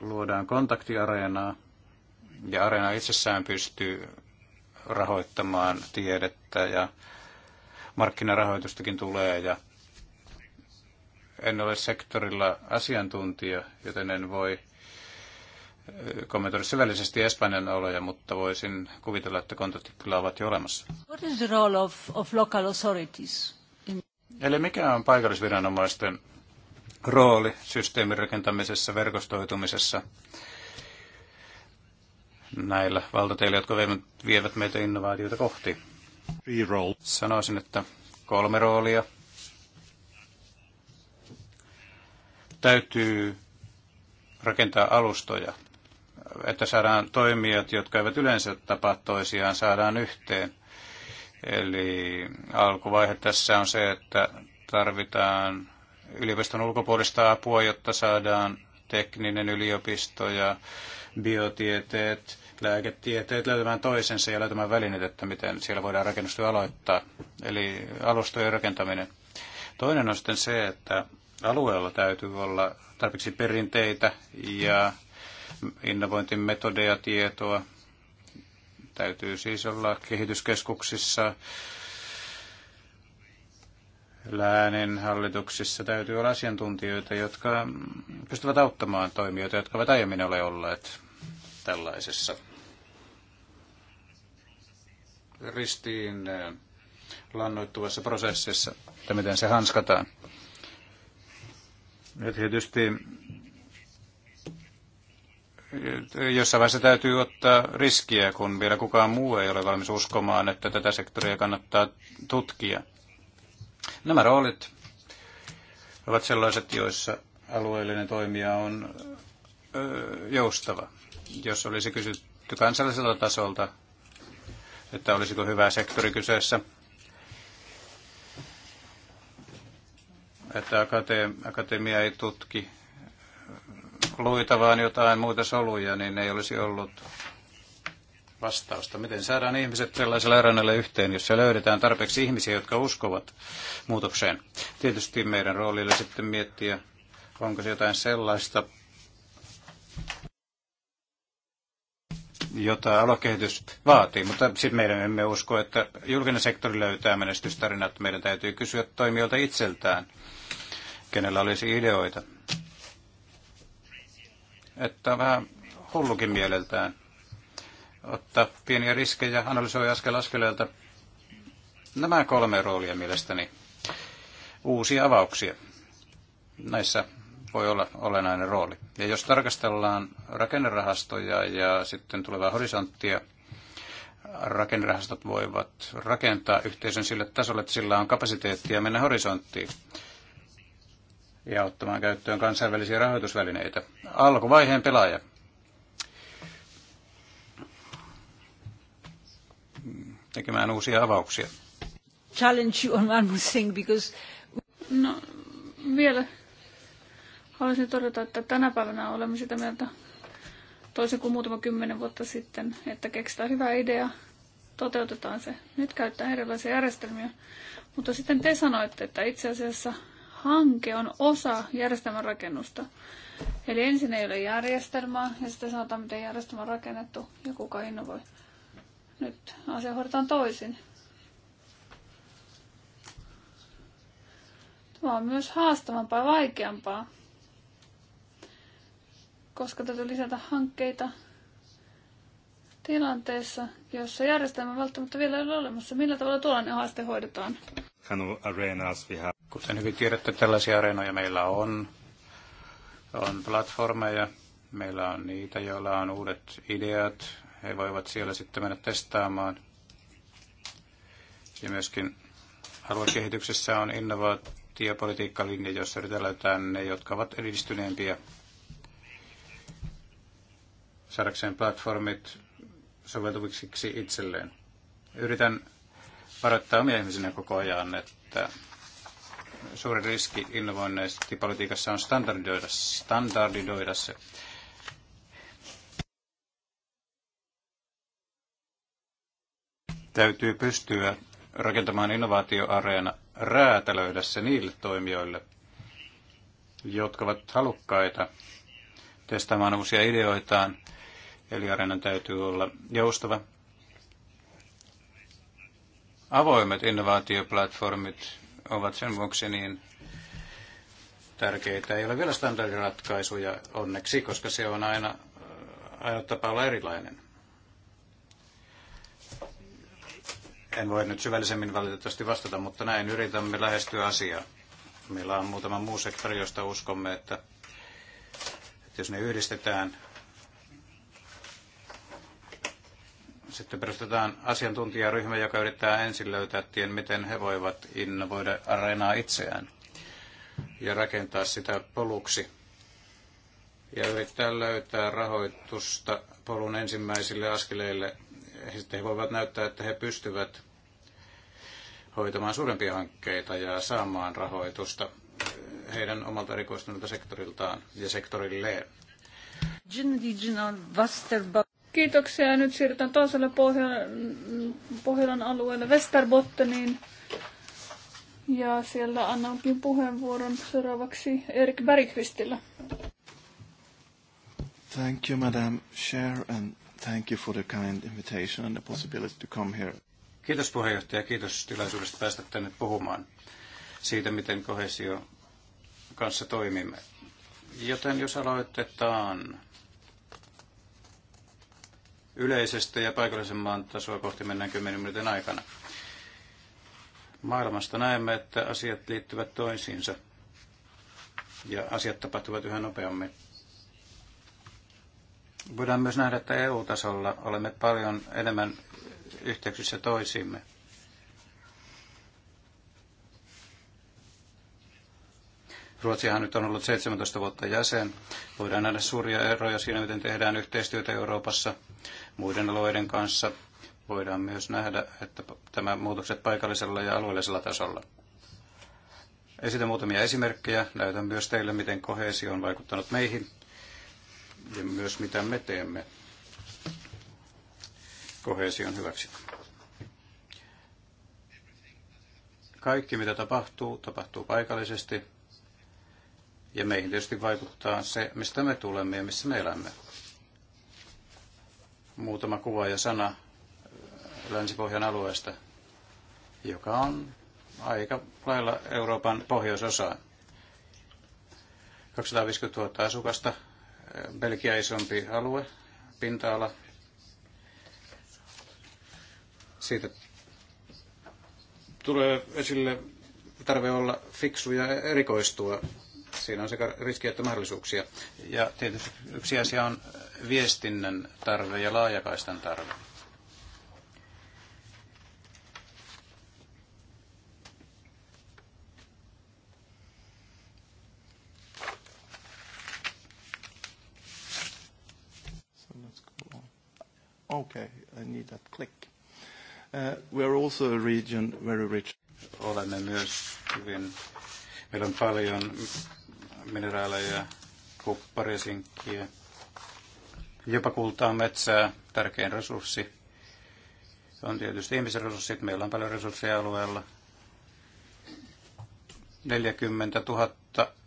luodaan kontaktiareenaa ja areena itsessään pystyy rahoittamaan tiedettä ja markkinarahoitustakin tulee ja en ole sektorilla asiantuntija, joten en voi kommentoida syvällisesti Espanjan oloja, mutta voisin kuvitella, että kontaktit kyllä ovat jo olemassa. What is the role of, of local authorities? In... Eli mikä on paikallisviranomaisten rooli systeemin rakentamisessa, verkostoitumisessa näillä valtateillä, jotka vievät meitä innovaatioita kohti? Sanoisin, että kolme roolia. Täytyy rakentaa alustoja, että saadaan toimijat, jotka eivät yleensä tapaa toisiaan, saadaan yhteen. Eli alkuvaihe tässä on se, että tarvitaan yliopiston ulkopuolista apua, jotta saadaan tekninen yliopisto ja biotieteet, lääketieteet löytämään toisensa ja löytämään välineet, että miten siellä voidaan rakennustyö aloittaa, eli alustojen rakentaminen. Toinen on sitten se, että alueella täytyy olla tarpeeksi perinteitä ja innovointimetodeja, tietoa. Täytyy siis olla kehityskeskuksissa, läänen hallituksissa täytyy olla asiantuntijoita, jotka pystyvät auttamaan toimijoita, jotka ovat aiemmin ole olleet tällaisessa ristiin äh, lannoittuvassa prosessissa, että miten se hanskataan. Ja tietysti jossain vaiheessa täytyy ottaa riskiä, kun vielä kukaan muu ei ole valmis uskomaan, että tätä sektoria kannattaa tutkia. Nämä roolit ovat sellaiset, joissa alueellinen toimija on joustava. Jos olisi kysytty kansalliselta tasolta, että olisiko hyvä sektori kyseessä, että akatemia ei tutki luita, vaan jotain muita soluja, niin ei olisi ollut vastausta. Miten saadaan ihmiset sellaiselle erännälle yhteen, jos se löydetään tarpeeksi ihmisiä, jotka uskovat muutokseen? Tietysti meidän roolilla sitten miettiä, onko se jotain sellaista, jota alokehitys vaatii, mutta sitten meidän emme usko, että julkinen sektori löytää menestystarinat. Meidän täytyy kysyä toimijoilta itseltään, kenellä olisi ideoita että on vähän hullukin mieleltään ottaa pieniä riskejä, analysoi askel askeleelta. Nämä kolme roolia mielestäni uusia avauksia. Näissä voi olla olennainen rooli. Ja jos tarkastellaan rakennerahastoja ja sitten tulevaa horisonttia, rakennerahastot voivat rakentaa yhteisön sille tasolle, että sillä on kapasiteettia mennä horisonttiin ja ottamaan käyttöön kansainvälisiä rahoitusvälineitä. Alkuvaiheen pelaaja. tekemään uusia avauksia. Challenge you on one thing because... No, vielä haluaisin todeta, että tänä päivänä olemme sitä mieltä, toisin kuin muutama kymmenen vuotta sitten, että keksitään hyvä idea, toteutetaan se. Nyt käyttää erilaisia järjestelmiä. Mutta sitten te sanoitte, että itse asiassa hanke on osa järjestelmän rakennusta. Eli ensin ei ole järjestelmää ja sitten sanotaan, miten järjestelmä on rakennettu ja kuka innovoi. Nyt asia hoidetaan toisin. Tämä on myös haastavampaa ja vaikeampaa, koska täytyy lisätä hankkeita tilanteessa, jossa järjestelmä välttämättä vielä ei ole olemassa. Millä tavalla tuollainen haaste hoidetaan? Kuten hyvin tiedätte, tällaisia areenoja meillä on. On platformeja, meillä on niitä, joilla on uudet ideat. He voivat siellä sitten mennä testaamaan. Ja myöskin aluekehityksessä on innovaatiopolitiikkalinja, jossa yritetään löytää ne, jotka ovat edistyneempiä saadakseen platformit soveltuviksi itselleen. Yritän varoittaa omia ihmisinä koko ajan, että suuri riski innovoinneista politiikassa on standardidoida, standardidoida se. Täytyy pystyä rakentamaan innovaatioareena, räätälöidä se niille toimijoille, jotka ovat halukkaita testaamaan uusia ideoitaan. Eli areenan täytyy olla joustava, avoimet innovaatioplatformit ovat sen vuoksi niin tärkeitä. Ei ole vielä standardiratkaisuja onneksi, koska se on aina, äh, ajattapa olla erilainen. En voi nyt syvällisemmin valitettavasti vastata, mutta näin yritämme lähestyä asiaa. Meillä on muutama muu sektori, josta uskomme, että, että jos ne yhdistetään Sitten perustetaan asiantuntijaryhmä, joka yrittää ensin löytää tien, miten he voivat innovoida areenaa itseään ja rakentaa sitä poluksi. Ja yrittää löytää rahoitusta polun ensimmäisille askeleille. Sitten he voivat näyttää, että he pystyvät hoitamaan suurempia hankkeita ja saamaan rahoitusta heidän omalta erikoistuneelta sektoriltaan ja sektorilleen. Kiitoksia. Nyt siirrytään toiselle Pohjolan, Pohjolan alueelle Westerbotteniin. Ja siellä annankin puheenvuoron seuraavaksi Erik Bergqvistillä. Thank you, Madam Chair, and thank you for the kind invitation and the possibility to come here. Kiitos puheenjohtaja, kiitos tilaisuudesta päästä tänne puhumaan siitä, miten kohesio kanssa toimimme. Joten jos aloitetaan yleisestä ja paikallisen maan tasoa kohti mennään 10 minuutin aikana. Maailmasta näemme, että asiat liittyvät toisiinsa ja asiat tapahtuvat yhä nopeammin. Voidaan myös nähdä, että EU-tasolla olemme paljon enemmän yhteyksissä toisiimme. Ruotsihan nyt on ollut 17 vuotta jäsen. Voidaan nähdä suuria eroja siinä, miten tehdään yhteistyötä Euroopassa – muiden alueiden kanssa. Voidaan myös nähdä, että tämä muutokset paikallisella ja alueellisella tasolla. Esitän muutamia esimerkkejä. Näytän myös teille, miten kohesio on vaikuttanut meihin ja myös mitä me teemme kohesion hyväksi. Kaikki, mitä tapahtuu, tapahtuu paikallisesti. Ja meihin tietysti vaikuttaa se, mistä me tulemme ja missä me elämme. Muutama kuva ja sana Länsi-Pohjan alueesta, joka on aika lailla Euroopan pohjoisosa. 250 000 asukasta, Belgia isompi alue, pinta-ala. Siitä tulee esille tarve olla fiksu ja erikoistua. Siinä on sekä riskiä että mahdollisuuksia. Ja tietysti yksi asia on viestinnän tarve ja laajakaistan tarve. Okay, I need that click. Uh, we are also a region very rich. Olemme myös hyvin, meillä on paljon mineraaleja, kupparesinkkiä, Jopa kultaa metsää, tärkein resurssi. Se on tietysti resurssit Meillä on paljon resursseja alueella. 40 000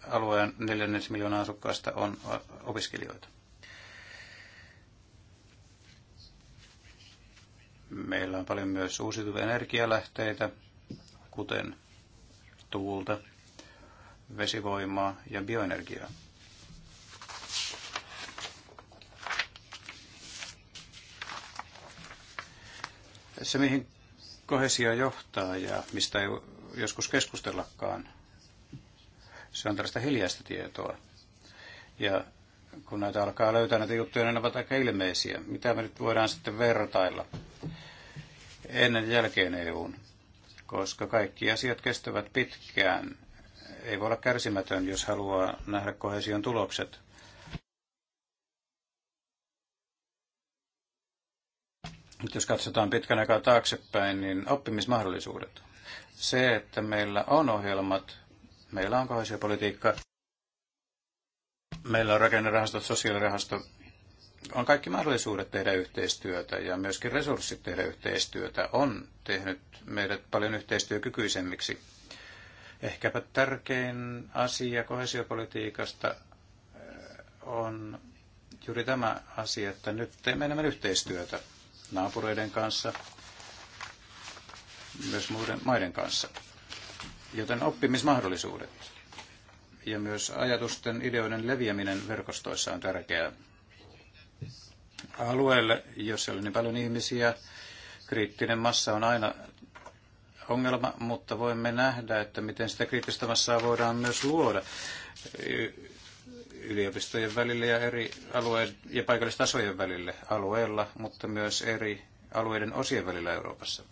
alueen neljännes miljoonaa asukkaista on äh, opiskelijoita. Meillä on paljon myös uusiutuvia energialähteitä, kuten tuulta, vesivoimaa ja bioenergiaa. se, mihin kohesio johtaa ja mistä ei joskus keskustellakaan, se on tällaista hiljaista tietoa. Ja kun näitä alkaa löytää näitä juttuja, niin ne ovat aika ilmeisiä. Mitä me nyt voidaan sitten vertailla ennen ja jälkeen EUn? Koska kaikki asiat kestävät pitkään. Ei voi olla kärsimätön, jos haluaa nähdä kohesion tulokset. Nyt jos katsotaan pitkän aikaa taaksepäin, niin oppimismahdollisuudet. Se, että meillä on ohjelmat, meillä on kohesiopolitiikka, meillä on rakennerahasto, sosiaalirahasto, on kaikki mahdollisuudet tehdä yhteistyötä ja myöskin resurssit tehdä yhteistyötä on tehnyt meidät paljon yhteistyökykyisemmiksi. Ehkäpä tärkein asia kohesiopolitiikasta eh, on juuri tämä asia, että nyt teemme enemmän yhteistyötä naapureiden kanssa, myös muiden maiden kanssa. Joten oppimismahdollisuudet ja myös ajatusten, ideoiden leviäminen verkostoissa on tärkeää. Alueelle, jossa on niin paljon ihmisiä, kriittinen massa on aina ongelma, mutta voimme nähdä, että miten sitä kriittistä massaa voidaan myös luoda yliopistojen välille ja eri alueiden ja paikallistasojen välille alueella, mutta myös eri alueiden osien välillä Euroopassa.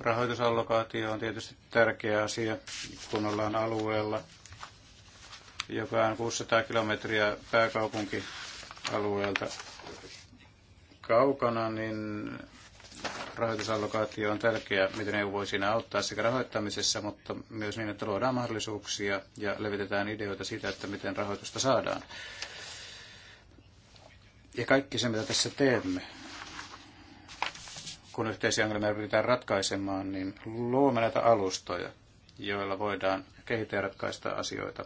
Rahoitusallokaatio on tietysti tärkeä asia, kun ollaan alueella, joka on 600 kilometriä pääkaupunkialueelta kaukana, niin rahoitusallokaatio on tärkeä, miten EU voi siinä auttaa sekä rahoittamisessa, mutta myös niin, että luodaan mahdollisuuksia ja levitetään ideoita siitä, että miten rahoitusta saadaan. Ja kaikki se, mitä tässä teemme, kun yhteisiä ongelmia pyritään ratkaisemaan, niin luomme näitä alustoja, joilla voidaan kehittää ja ratkaista asioita,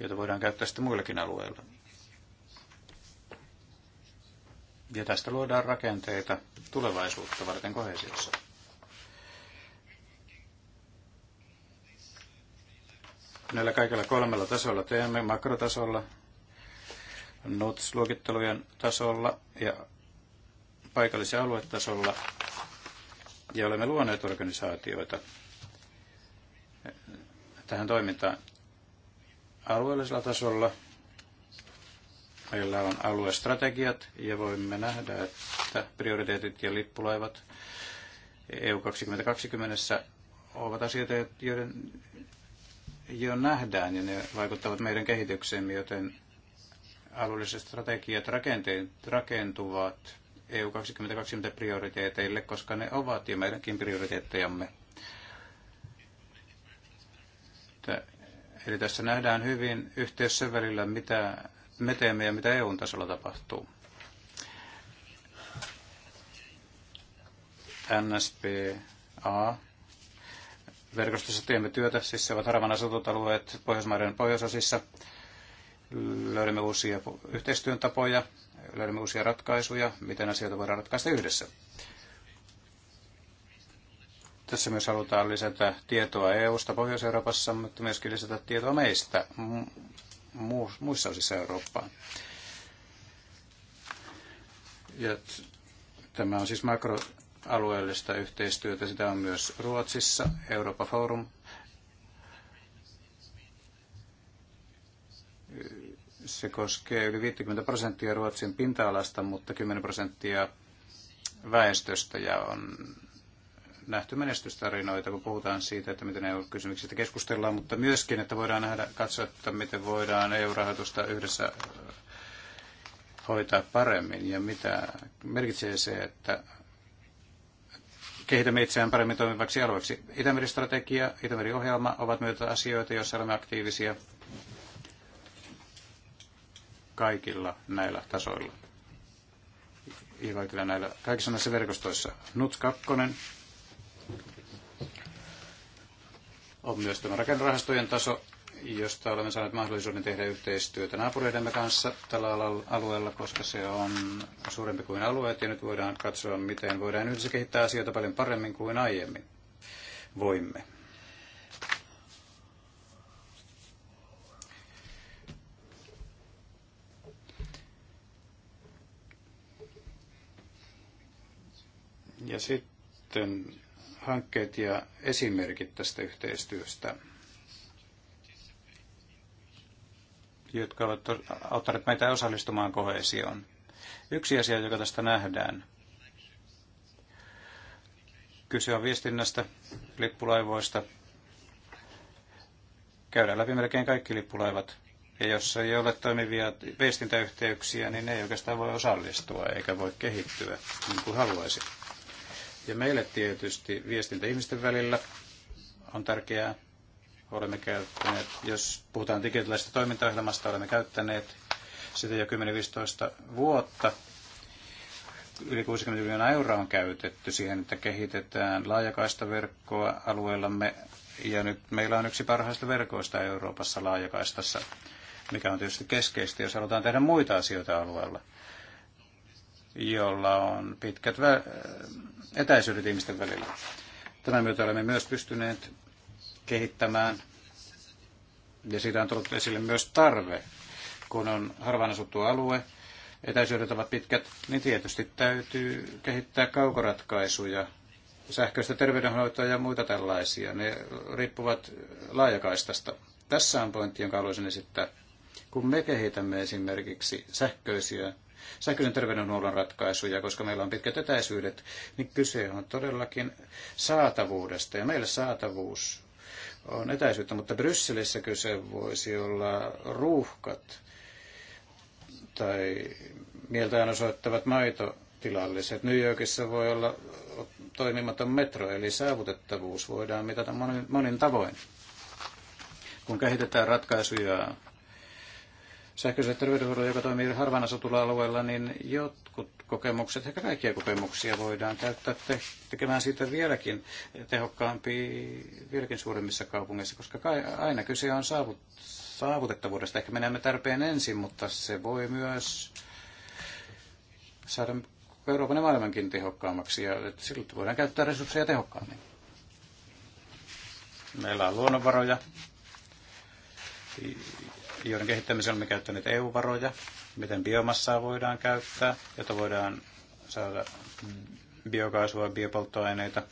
joita voidaan käyttää sitten muillakin alueilla. Ja tästä luodaan rakenteita tulevaisuutta varten kohesiossa. Näillä kaikilla kolmella tasolla teemme makrotasolla, NUTS-luokittelujen tasolla ja paikallis- ja aluetasolla. Ja olemme luoneet organisaatioita tähän toimintaan alueellisella tasolla – Meillä on aluestrategiat ja voimme nähdä, että prioriteetit ja lippulaivat EU 2020 ovat asioita, joiden jo nähdään ja ne vaikuttavat meidän kehitykseemme, joten alueelliset strategiat rakentuvat EU 2020 prioriteeteille, koska ne ovat jo meidänkin prioriteettejamme. Eli tässä nähdään hyvin yhteys sen välillä, mitä me teemme ja mitä EUn tasolla tapahtuu. NSPA. Verkostossa teemme työtä, siis se ovat harvan asutut alueet Pohjoismaiden pohjoisosissa. Löydämme uusia yhteistyön tapoja, löydämme uusia ratkaisuja, miten asioita voidaan ratkaista yhdessä. Tässä myös halutaan lisätä tietoa EU-sta Pohjois-Euroopassa, mutta myöskin lisätä tietoa meistä muissa osissa Eurooppaa. Ja tämä on siis makroalueellista yhteistyötä. Sitä on myös Ruotsissa, Eurooppa Forum. Se koskee yli 50 prosenttia Ruotsin pinta-alasta, mutta 10 prosenttia väestöstä ja on nähty menestystarinoita, kun puhutaan siitä, että miten EU-kysymyksistä keskustellaan, mutta myöskin, että voidaan nähdä, katsoa, että miten voidaan EU-rahoitusta yhdessä äh, hoitaa paremmin ja mitä merkitsee se, että kehitämme itseään paremmin toimivaksi alueeksi. Itämeri-strategia, Itämeri-ohjelma ovat myötä asioita, joissa olemme aktiivisia kaikilla näillä tasoilla. Ja kaikilla näillä, kaikissa näissä verkostoissa. NUTS 2 on myös tämä rakennerahastojen taso, josta olemme saaneet mahdollisuuden tehdä yhteistyötä naapureidemme kanssa tällä alueella, koska se on suurempi kuin alueet, ja nyt voidaan katsoa, miten voidaan yhdessä kehittää asioita paljon paremmin kuin aiemmin voimme. Ja sitten hankkeet ja esimerkit tästä yhteistyöstä, jotka ovat auttaneet meitä osallistumaan kohesioon. Yksi asia, joka tästä nähdään, kyse on viestinnästä, lippulaivoista. Käydään läpi melkein kaikki lippulaivat. Ja jos ei ole toimivia viestintäyhteyksiä, niin ne ei oikeastaan voi osallistua eikä voi kehittyä niin kuin haluaisi. Ja meille tietysti viestintä ihmisten välillä on tärkeää. Olemme käyttäneet, jos puhutaan digitaalisesta toimintaohjelmasta, olemme käyttäneet sitä jo 10-15 vuotta. Yli 60 miljoonaa euroa on käytetty siihen, että kehitetään laajakaistaverkkoa alueellamme. Ja nyt meillä on yksi parhaista verkoista Euroopassa laajakaistassa, mikä on tietysti keskeistä, jos halutaan tehdä muita asioita alueella jolla on pitkät etäisyydet ihmisten välillä. Tämän myötä olemme myös pystyneet kehittämään, ja siitä on tullut esille myös tarve, kun on harvaan asuttu alue, etäisyydet ovat pitkät, niin tietysti täytyy kehittää kaukoratkaisuja, sähköistä terveydenhoitoa ja muita tällaisia. Ne riippuvat laajakaistasta. Tässä on pointti, jonka haluaisin esittää. Kun me kehitämme esimerkiksi sähköisiä sähköisen terveydenhuollon ratkaisuja, koska meillä on pitkät etäisyydet, niin kyse on todellakin saatavuudesta. Ja meillä saatavuus on etäisyyttä, mutta Brysselissä kyse voisi olla ruuhkat tai mieltään osoittavat maitotilalliset. New Yorkissa voi olla toimimaton metro, eli saavutettavuus voidaan mitata monin, monin tavoin. Kun kehitetään ratkaisuja sähköiselle terveydenhuollolle, joka toimii harvaan asutulla alueella, niin jotkut kokemukset, ehkä kaikkia kokemuksia voidaan käyttää te- tekemään siitä vieläkin tehokkaampi, vieläkin suuremmissa kaupungeissa, koska kai, aina kyse on saavut, saavutettavuudesta. Ehkä menemme tarpeen ensin, mutta se voi myös saada Euroopan ja maailmankin tehokkaammaksi, ja että voidaan käyttää resursseja tehokkaammin. Meillä on luonnonvaroja, joiden kehittämiseen olemme käyttäneet EU-varoja, miten biomassaa voidaan käyttää, jota voidaan saada biokaasua, biopolttoaineita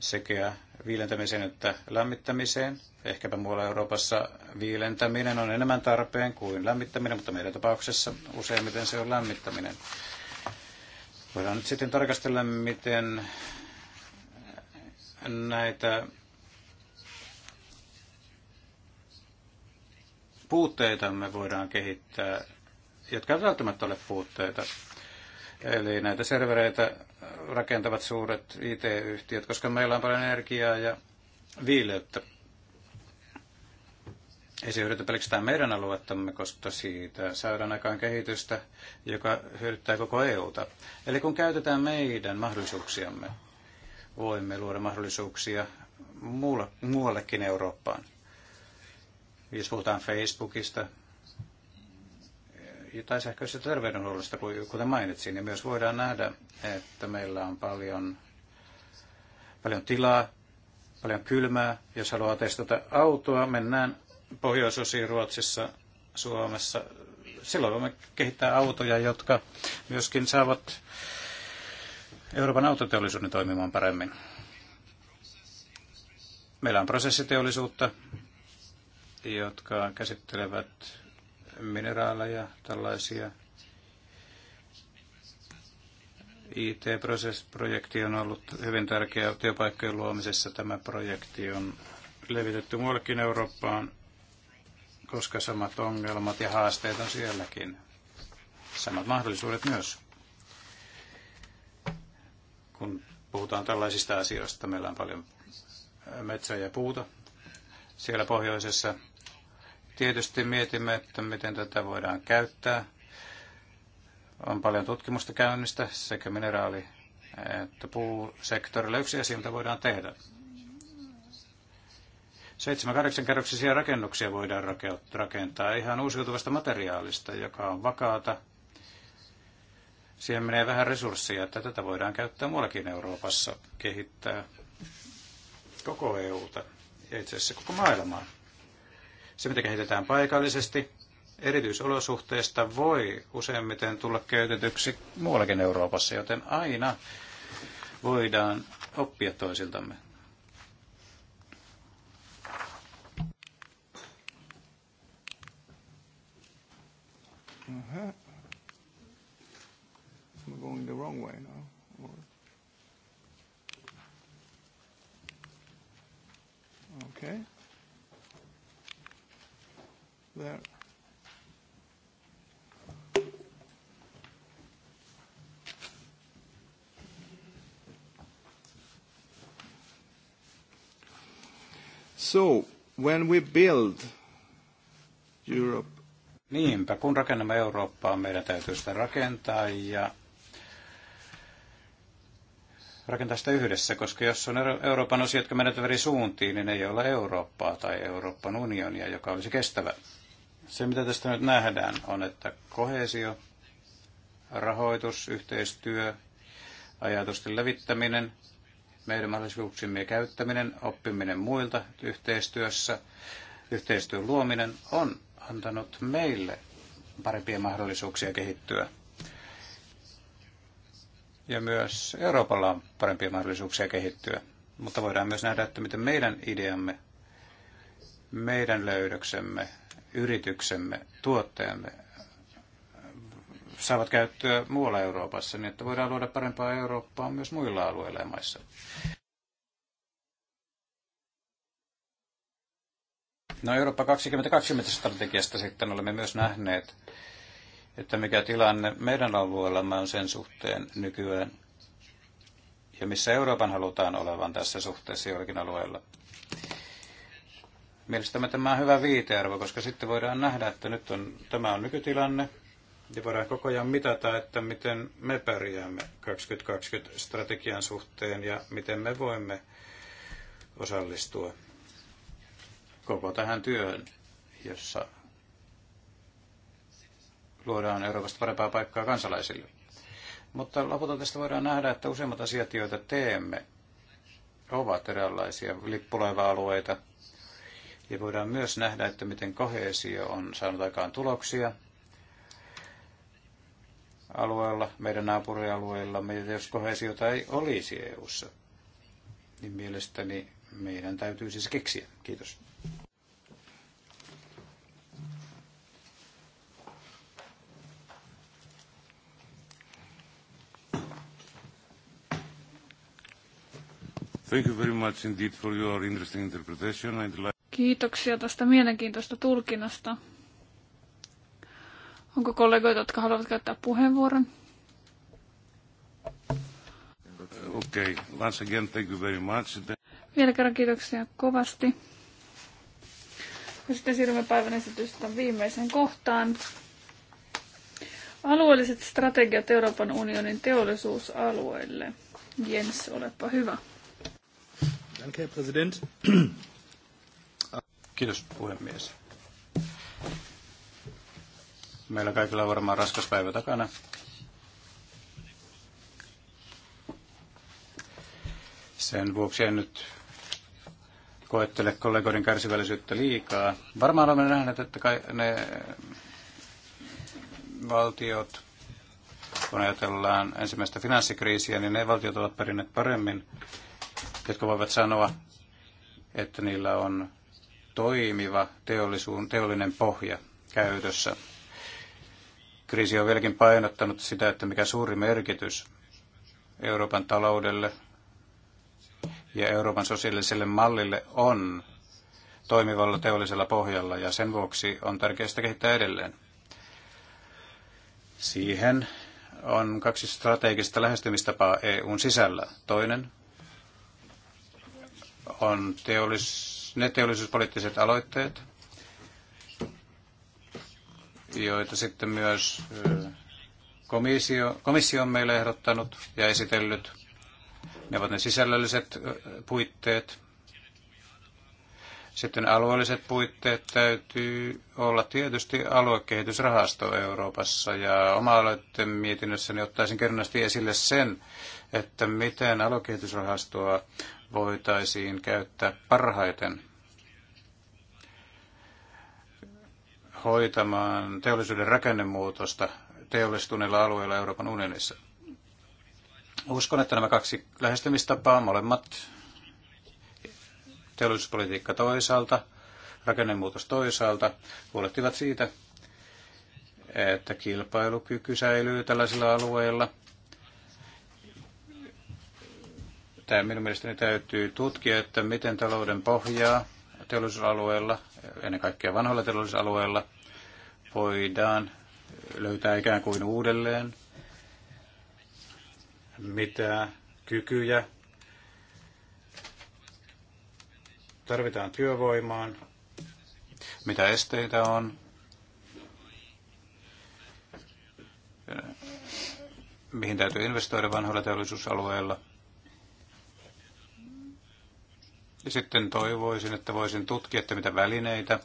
sekä viilentämiseen että lämmittämiseen. Ehkäpä muualla Euroopassa viilentäminen on enemmän tarpeen kuin lämmittäminen, mutta meidän tapauksessa useimmiten se on lämmittäminen. Voidaan nyt sitten tarkastella, miten näitä Puutteita me voidaan kehittää, jotka eivät välttämättä ole puutteita. Eli näitä servereitä rakentavat suuret IT-yhtiöt, koska meillä on paljon energiaa ja viileyttä. Ei se hyödytä pelkästään meidän aluettamme, koska siitä saadaan aikaan kehitystä, joka hyödyttää koko EUta. Eli kun käytetään meidän mahdollisuuksiamme, voimme luoda mahdollisuuksia muuallekin Eurooppaan jos puhutaan Facebookista tai sähköisestä terveydenhuollosta, kuten mainitsin, ja niin myös voidaan nähdä, että meillä on paljon, paljon tilaa, paljon kylmää. Jos haluaa testata autoa, mennään pohjoisosiin Ruotsissa, Suomessa. Silloin voimme kehittää autoja, jotka myöskin saavat Euroopan autoteollisuuden toimimaan paremmin. Meillä on prosessiteollisuutta, jotka käsittelevät mineraaleja, tällaisia. IT-projekti on ollut hyvin tärkeä työpaikkojen luomisessa. Tämä projekti on levitetty muuallekin Eurooppaan, koska samat ongelmat ja haasteet on sielläkin. Samat mahdollisuudet myös. Kun puhutaan tällaisista asioista, meillä on paljon metsää ja puuta siellä pohjoisessa Tietysti mietimme, että miten tätä voidaan käyttää. On paljon tutkimusta käynnistä sekä mineraali- että puusektorilla. Yksi asia, mitä voidaan tehdä. 7-8 kerroksisia rakennuksia voidaan rakentaa ihan uusiutuvasta materiaalista, joka on vakaata. Siihen menee vähän resursseja, että tätä voidaan käyttää muuallakin Euroopassa, kehittää koko EUta ja itse asiassa koko maailmaa. Se, mitä kehitetään paikallisesti erityisolosuhteista, voi useimmiten tulla käytetyksi muuallakin Euroopassa, joten aina voidaan oppia toisiltamme. Uh-huh. going the wrong way now? Or... Okay there. So, when we build Europe. Niinpä, kun rakennamme Eurooppaa, meidän täytyy sitä rakentaa ja rakentaa sitä yhdessä, koska jos on Euroopan osia, jotka menevät eri suuntiin, niin ei ole Eurooppaa tai Euroopan unionia, joka olisi kestävä. Se, mitä tästä nyt nähdään, on, että kohesio, rahoitus, yhteistyö, ajatusten levittäminen, meidän mahdollisuuksimme käyttäminen, oppiminen muilta yhteistyössä, yhteistyön luominen on antanut meille parempia mahdollisuuksia kehittyä. Ja myös Euroopalla on parempia mahdollisuuksia kehittyä. Mutta voidaan myös nähdä, että miten meidän ideamme, meidän löydöksemme yrityksemme, tuotteemme saavat käyttöä muualla Euroopassa, niin että voidaan luoda parempaa Eurooppaa myös muilla alueilla ja maissa. No Eurooppa 2020 strategiasta sitten olemme myös nähneet, että mikä tilanne meidän alueellamme on sen suhteen nykyään ja missä Euroopan halutaan olevan tässä suhteessa jollakin alueella. Mielestäni tämä on hyvä viitearvo, koska sitten voidaan nähdä, että nyt on, tämä on nykytilanne, ja voidaan koko ajan mitata, että miten me pärjäämme 2020-strategian suhteen ja miten me voimme osallistua koko tähän työhön, jossa luodaan Euroopasta parempaa paikkaa kansalaisille. Mutta lopulta tästä voidaan nähdä, että useimmat asiat, joita teemme, ovat eräänlaisia lippulaiva-alueita ja voidaan myös nähdä, että miten kohesio on saanut aikaan tuloksia alueella, meidän naapurialueilla. Jos kohesiota ei olisi EU-ssa, niin mielestäni meidän täytyy siis keksiä. Kiitos. Thank you very much indeed for your interesting interpretation. I'd like Kiitoksia tästä mielenkiintoista tulkinnasta. Onko kollegoita, jotka haluavat käyttää puheenvuoron? Okay. Once again, thank you very much. Vielä kerran kiitoksia kovasti. Ja sitten siirrymme päivän esitystä viimeiseen kohtaan. Alueelliset strategiat Euroopan unionin teollisuusalueille. Jens, olepa hyvä. Danke, Herr Präsident. Kiitos puhemies. Meillä kaikilla on varmaan raskas päivä takana. Sen vuoksi en nyt koettele kollegoiden kärsivällisyyttä liikaa. Varmaan olemme nähneet, että kai ne valtiot, kun ajatellaan ensimmäistä finanssikriisiä, niin ne valtiot ovat perinneet paremmin, jotka voivat sanoa, että niillä on toimiva teollisuun, teollinen pohja käytössä. Kriisi on vieläkin painottanut sitä, että mikä suuri merkitys Euroopan taloudelle ja Euroopan sosiaaliselle mallille on toimivalla teollisella pohjalla ja sen vuoksi on tärkeää sitä kehittää edelleen. Siihen on kaksi strategista lähestymistapaa EUn sisällä. Toinen on teollis ne teollisuuspoliittiset aloitteet, joita sitten myös komissio, komissio on meille ehdottanut ja esitellyt. Ne ovat ne sisällölliset puitteet. Sitten alueelliset puitteet täytyy olla tietysti aluekehitysrahasto Euroopassa. Ja oma-aloitteen mietinnössäni ottaisin kerrannasti esille sen, että miten aluekehitysrahastoa voitaisiin käyttää parhaiten hoitamaan teollisuuden rakennemuutosta teollistuneilla alueilla Euroopan unionissa. Uskon, että nämä kaksi lähestymistapaa, molemmat, teollisuuspolitiikka toisaalta, rakennemuutos toisaalta, huolehtivat siitä, että kilpailukyky säilyy tällaisilla alueilla – että minun mielestäni täytyy tutkia, että miten talouden pohjaa teollisuusalueella, ennen kaikkea vanhoilla teollisuusalueilla, voidaan löytää ikään kuin uudelleen, mitä kykyjä tarvitaan työvoimaan, mitä esteitä on, mihin täytyy investoida vanhoilla teollisuusalueilla – Ja sitten toivoisin, että voisin tutkia, että mitä välineitä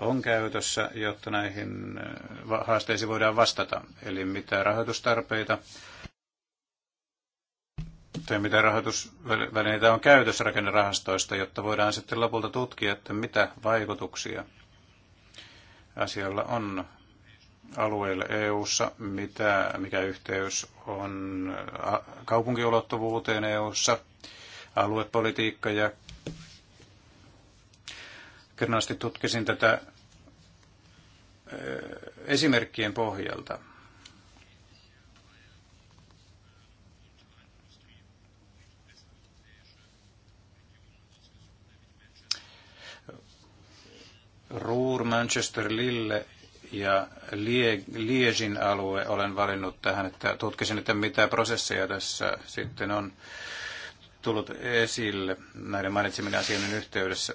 on käytössä, jotta näihin äh, haasteisiin voidaan vastata. Eli mitä rahoitustarpeita tai mitä rahoitusvälineitä on käytössä rakennerahastoista, jotta voidaan sitten lopulta tutkia, että mitä vaikutuksia asialla on alueille EU:ssa, mitä, mikä yhteys on äh, kaupunkiulottuvuuteen EU:ssa, aluepolitiikka ja kernaasti tutkisin tätä esimerkkien pohjalta. Ruur, Manchester, Lille ja Liesin alue olen valinnut tähän, että tutkisin, että mitä prosesseja tässä sitten on tullut esille näiden mainitseminen asioiden yhteydessä.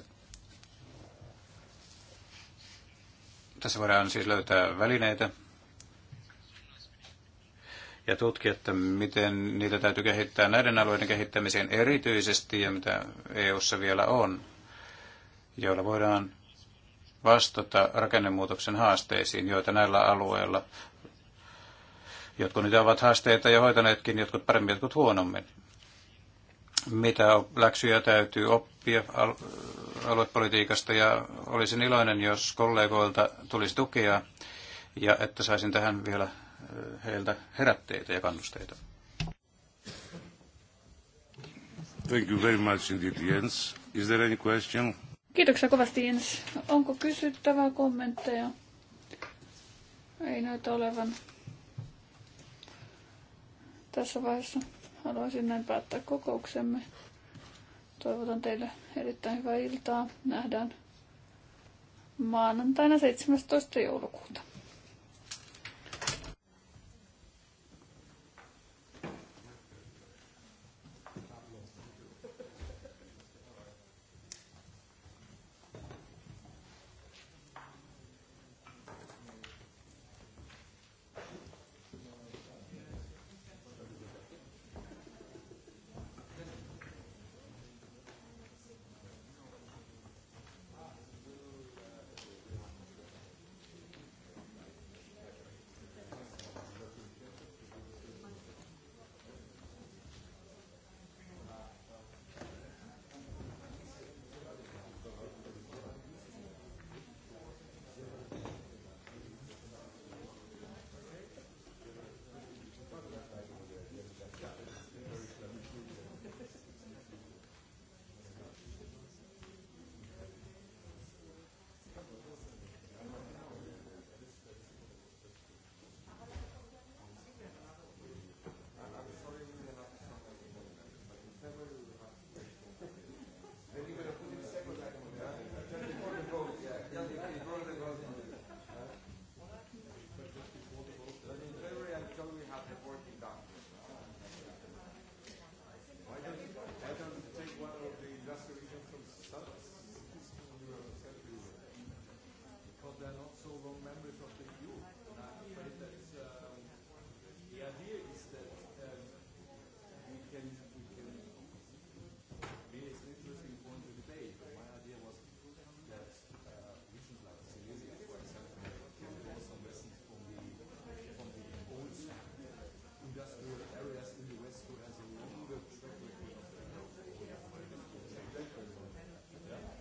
Tässä voidaan siis löytää välineitä ja tutkia, että miten niitä täytyy kehittää näiden alueiden kehittämiseen erityisesti ja mitä EU:ssa vielä on, joilla voidaan vastata rakennemuutoksen haasteisiin, joita näillä alueilla, jotkut niitä ovat haasteita jo hoitaneetkin, jotkut paremmin, jotkut huonommin mitä läksyjä täytyy oppia aluepolitiikasta ja olisin iloinen, jos kollegoilta tulisi tukea ja että saisin tähän vielä heiltä herätteitä ja kannusteita. Thank you very much indeed, Jens. Is there any question? Kiitoksia kovasti, Jens. Onko kysyttävää kommentteja? Ei näytä olevan tässä vaiheessa. Haluaisin näin päättää kokouksemme. Toivotan teille erittäin hyvää iltaa. Nähdään maanantaina 17. joulukuuta.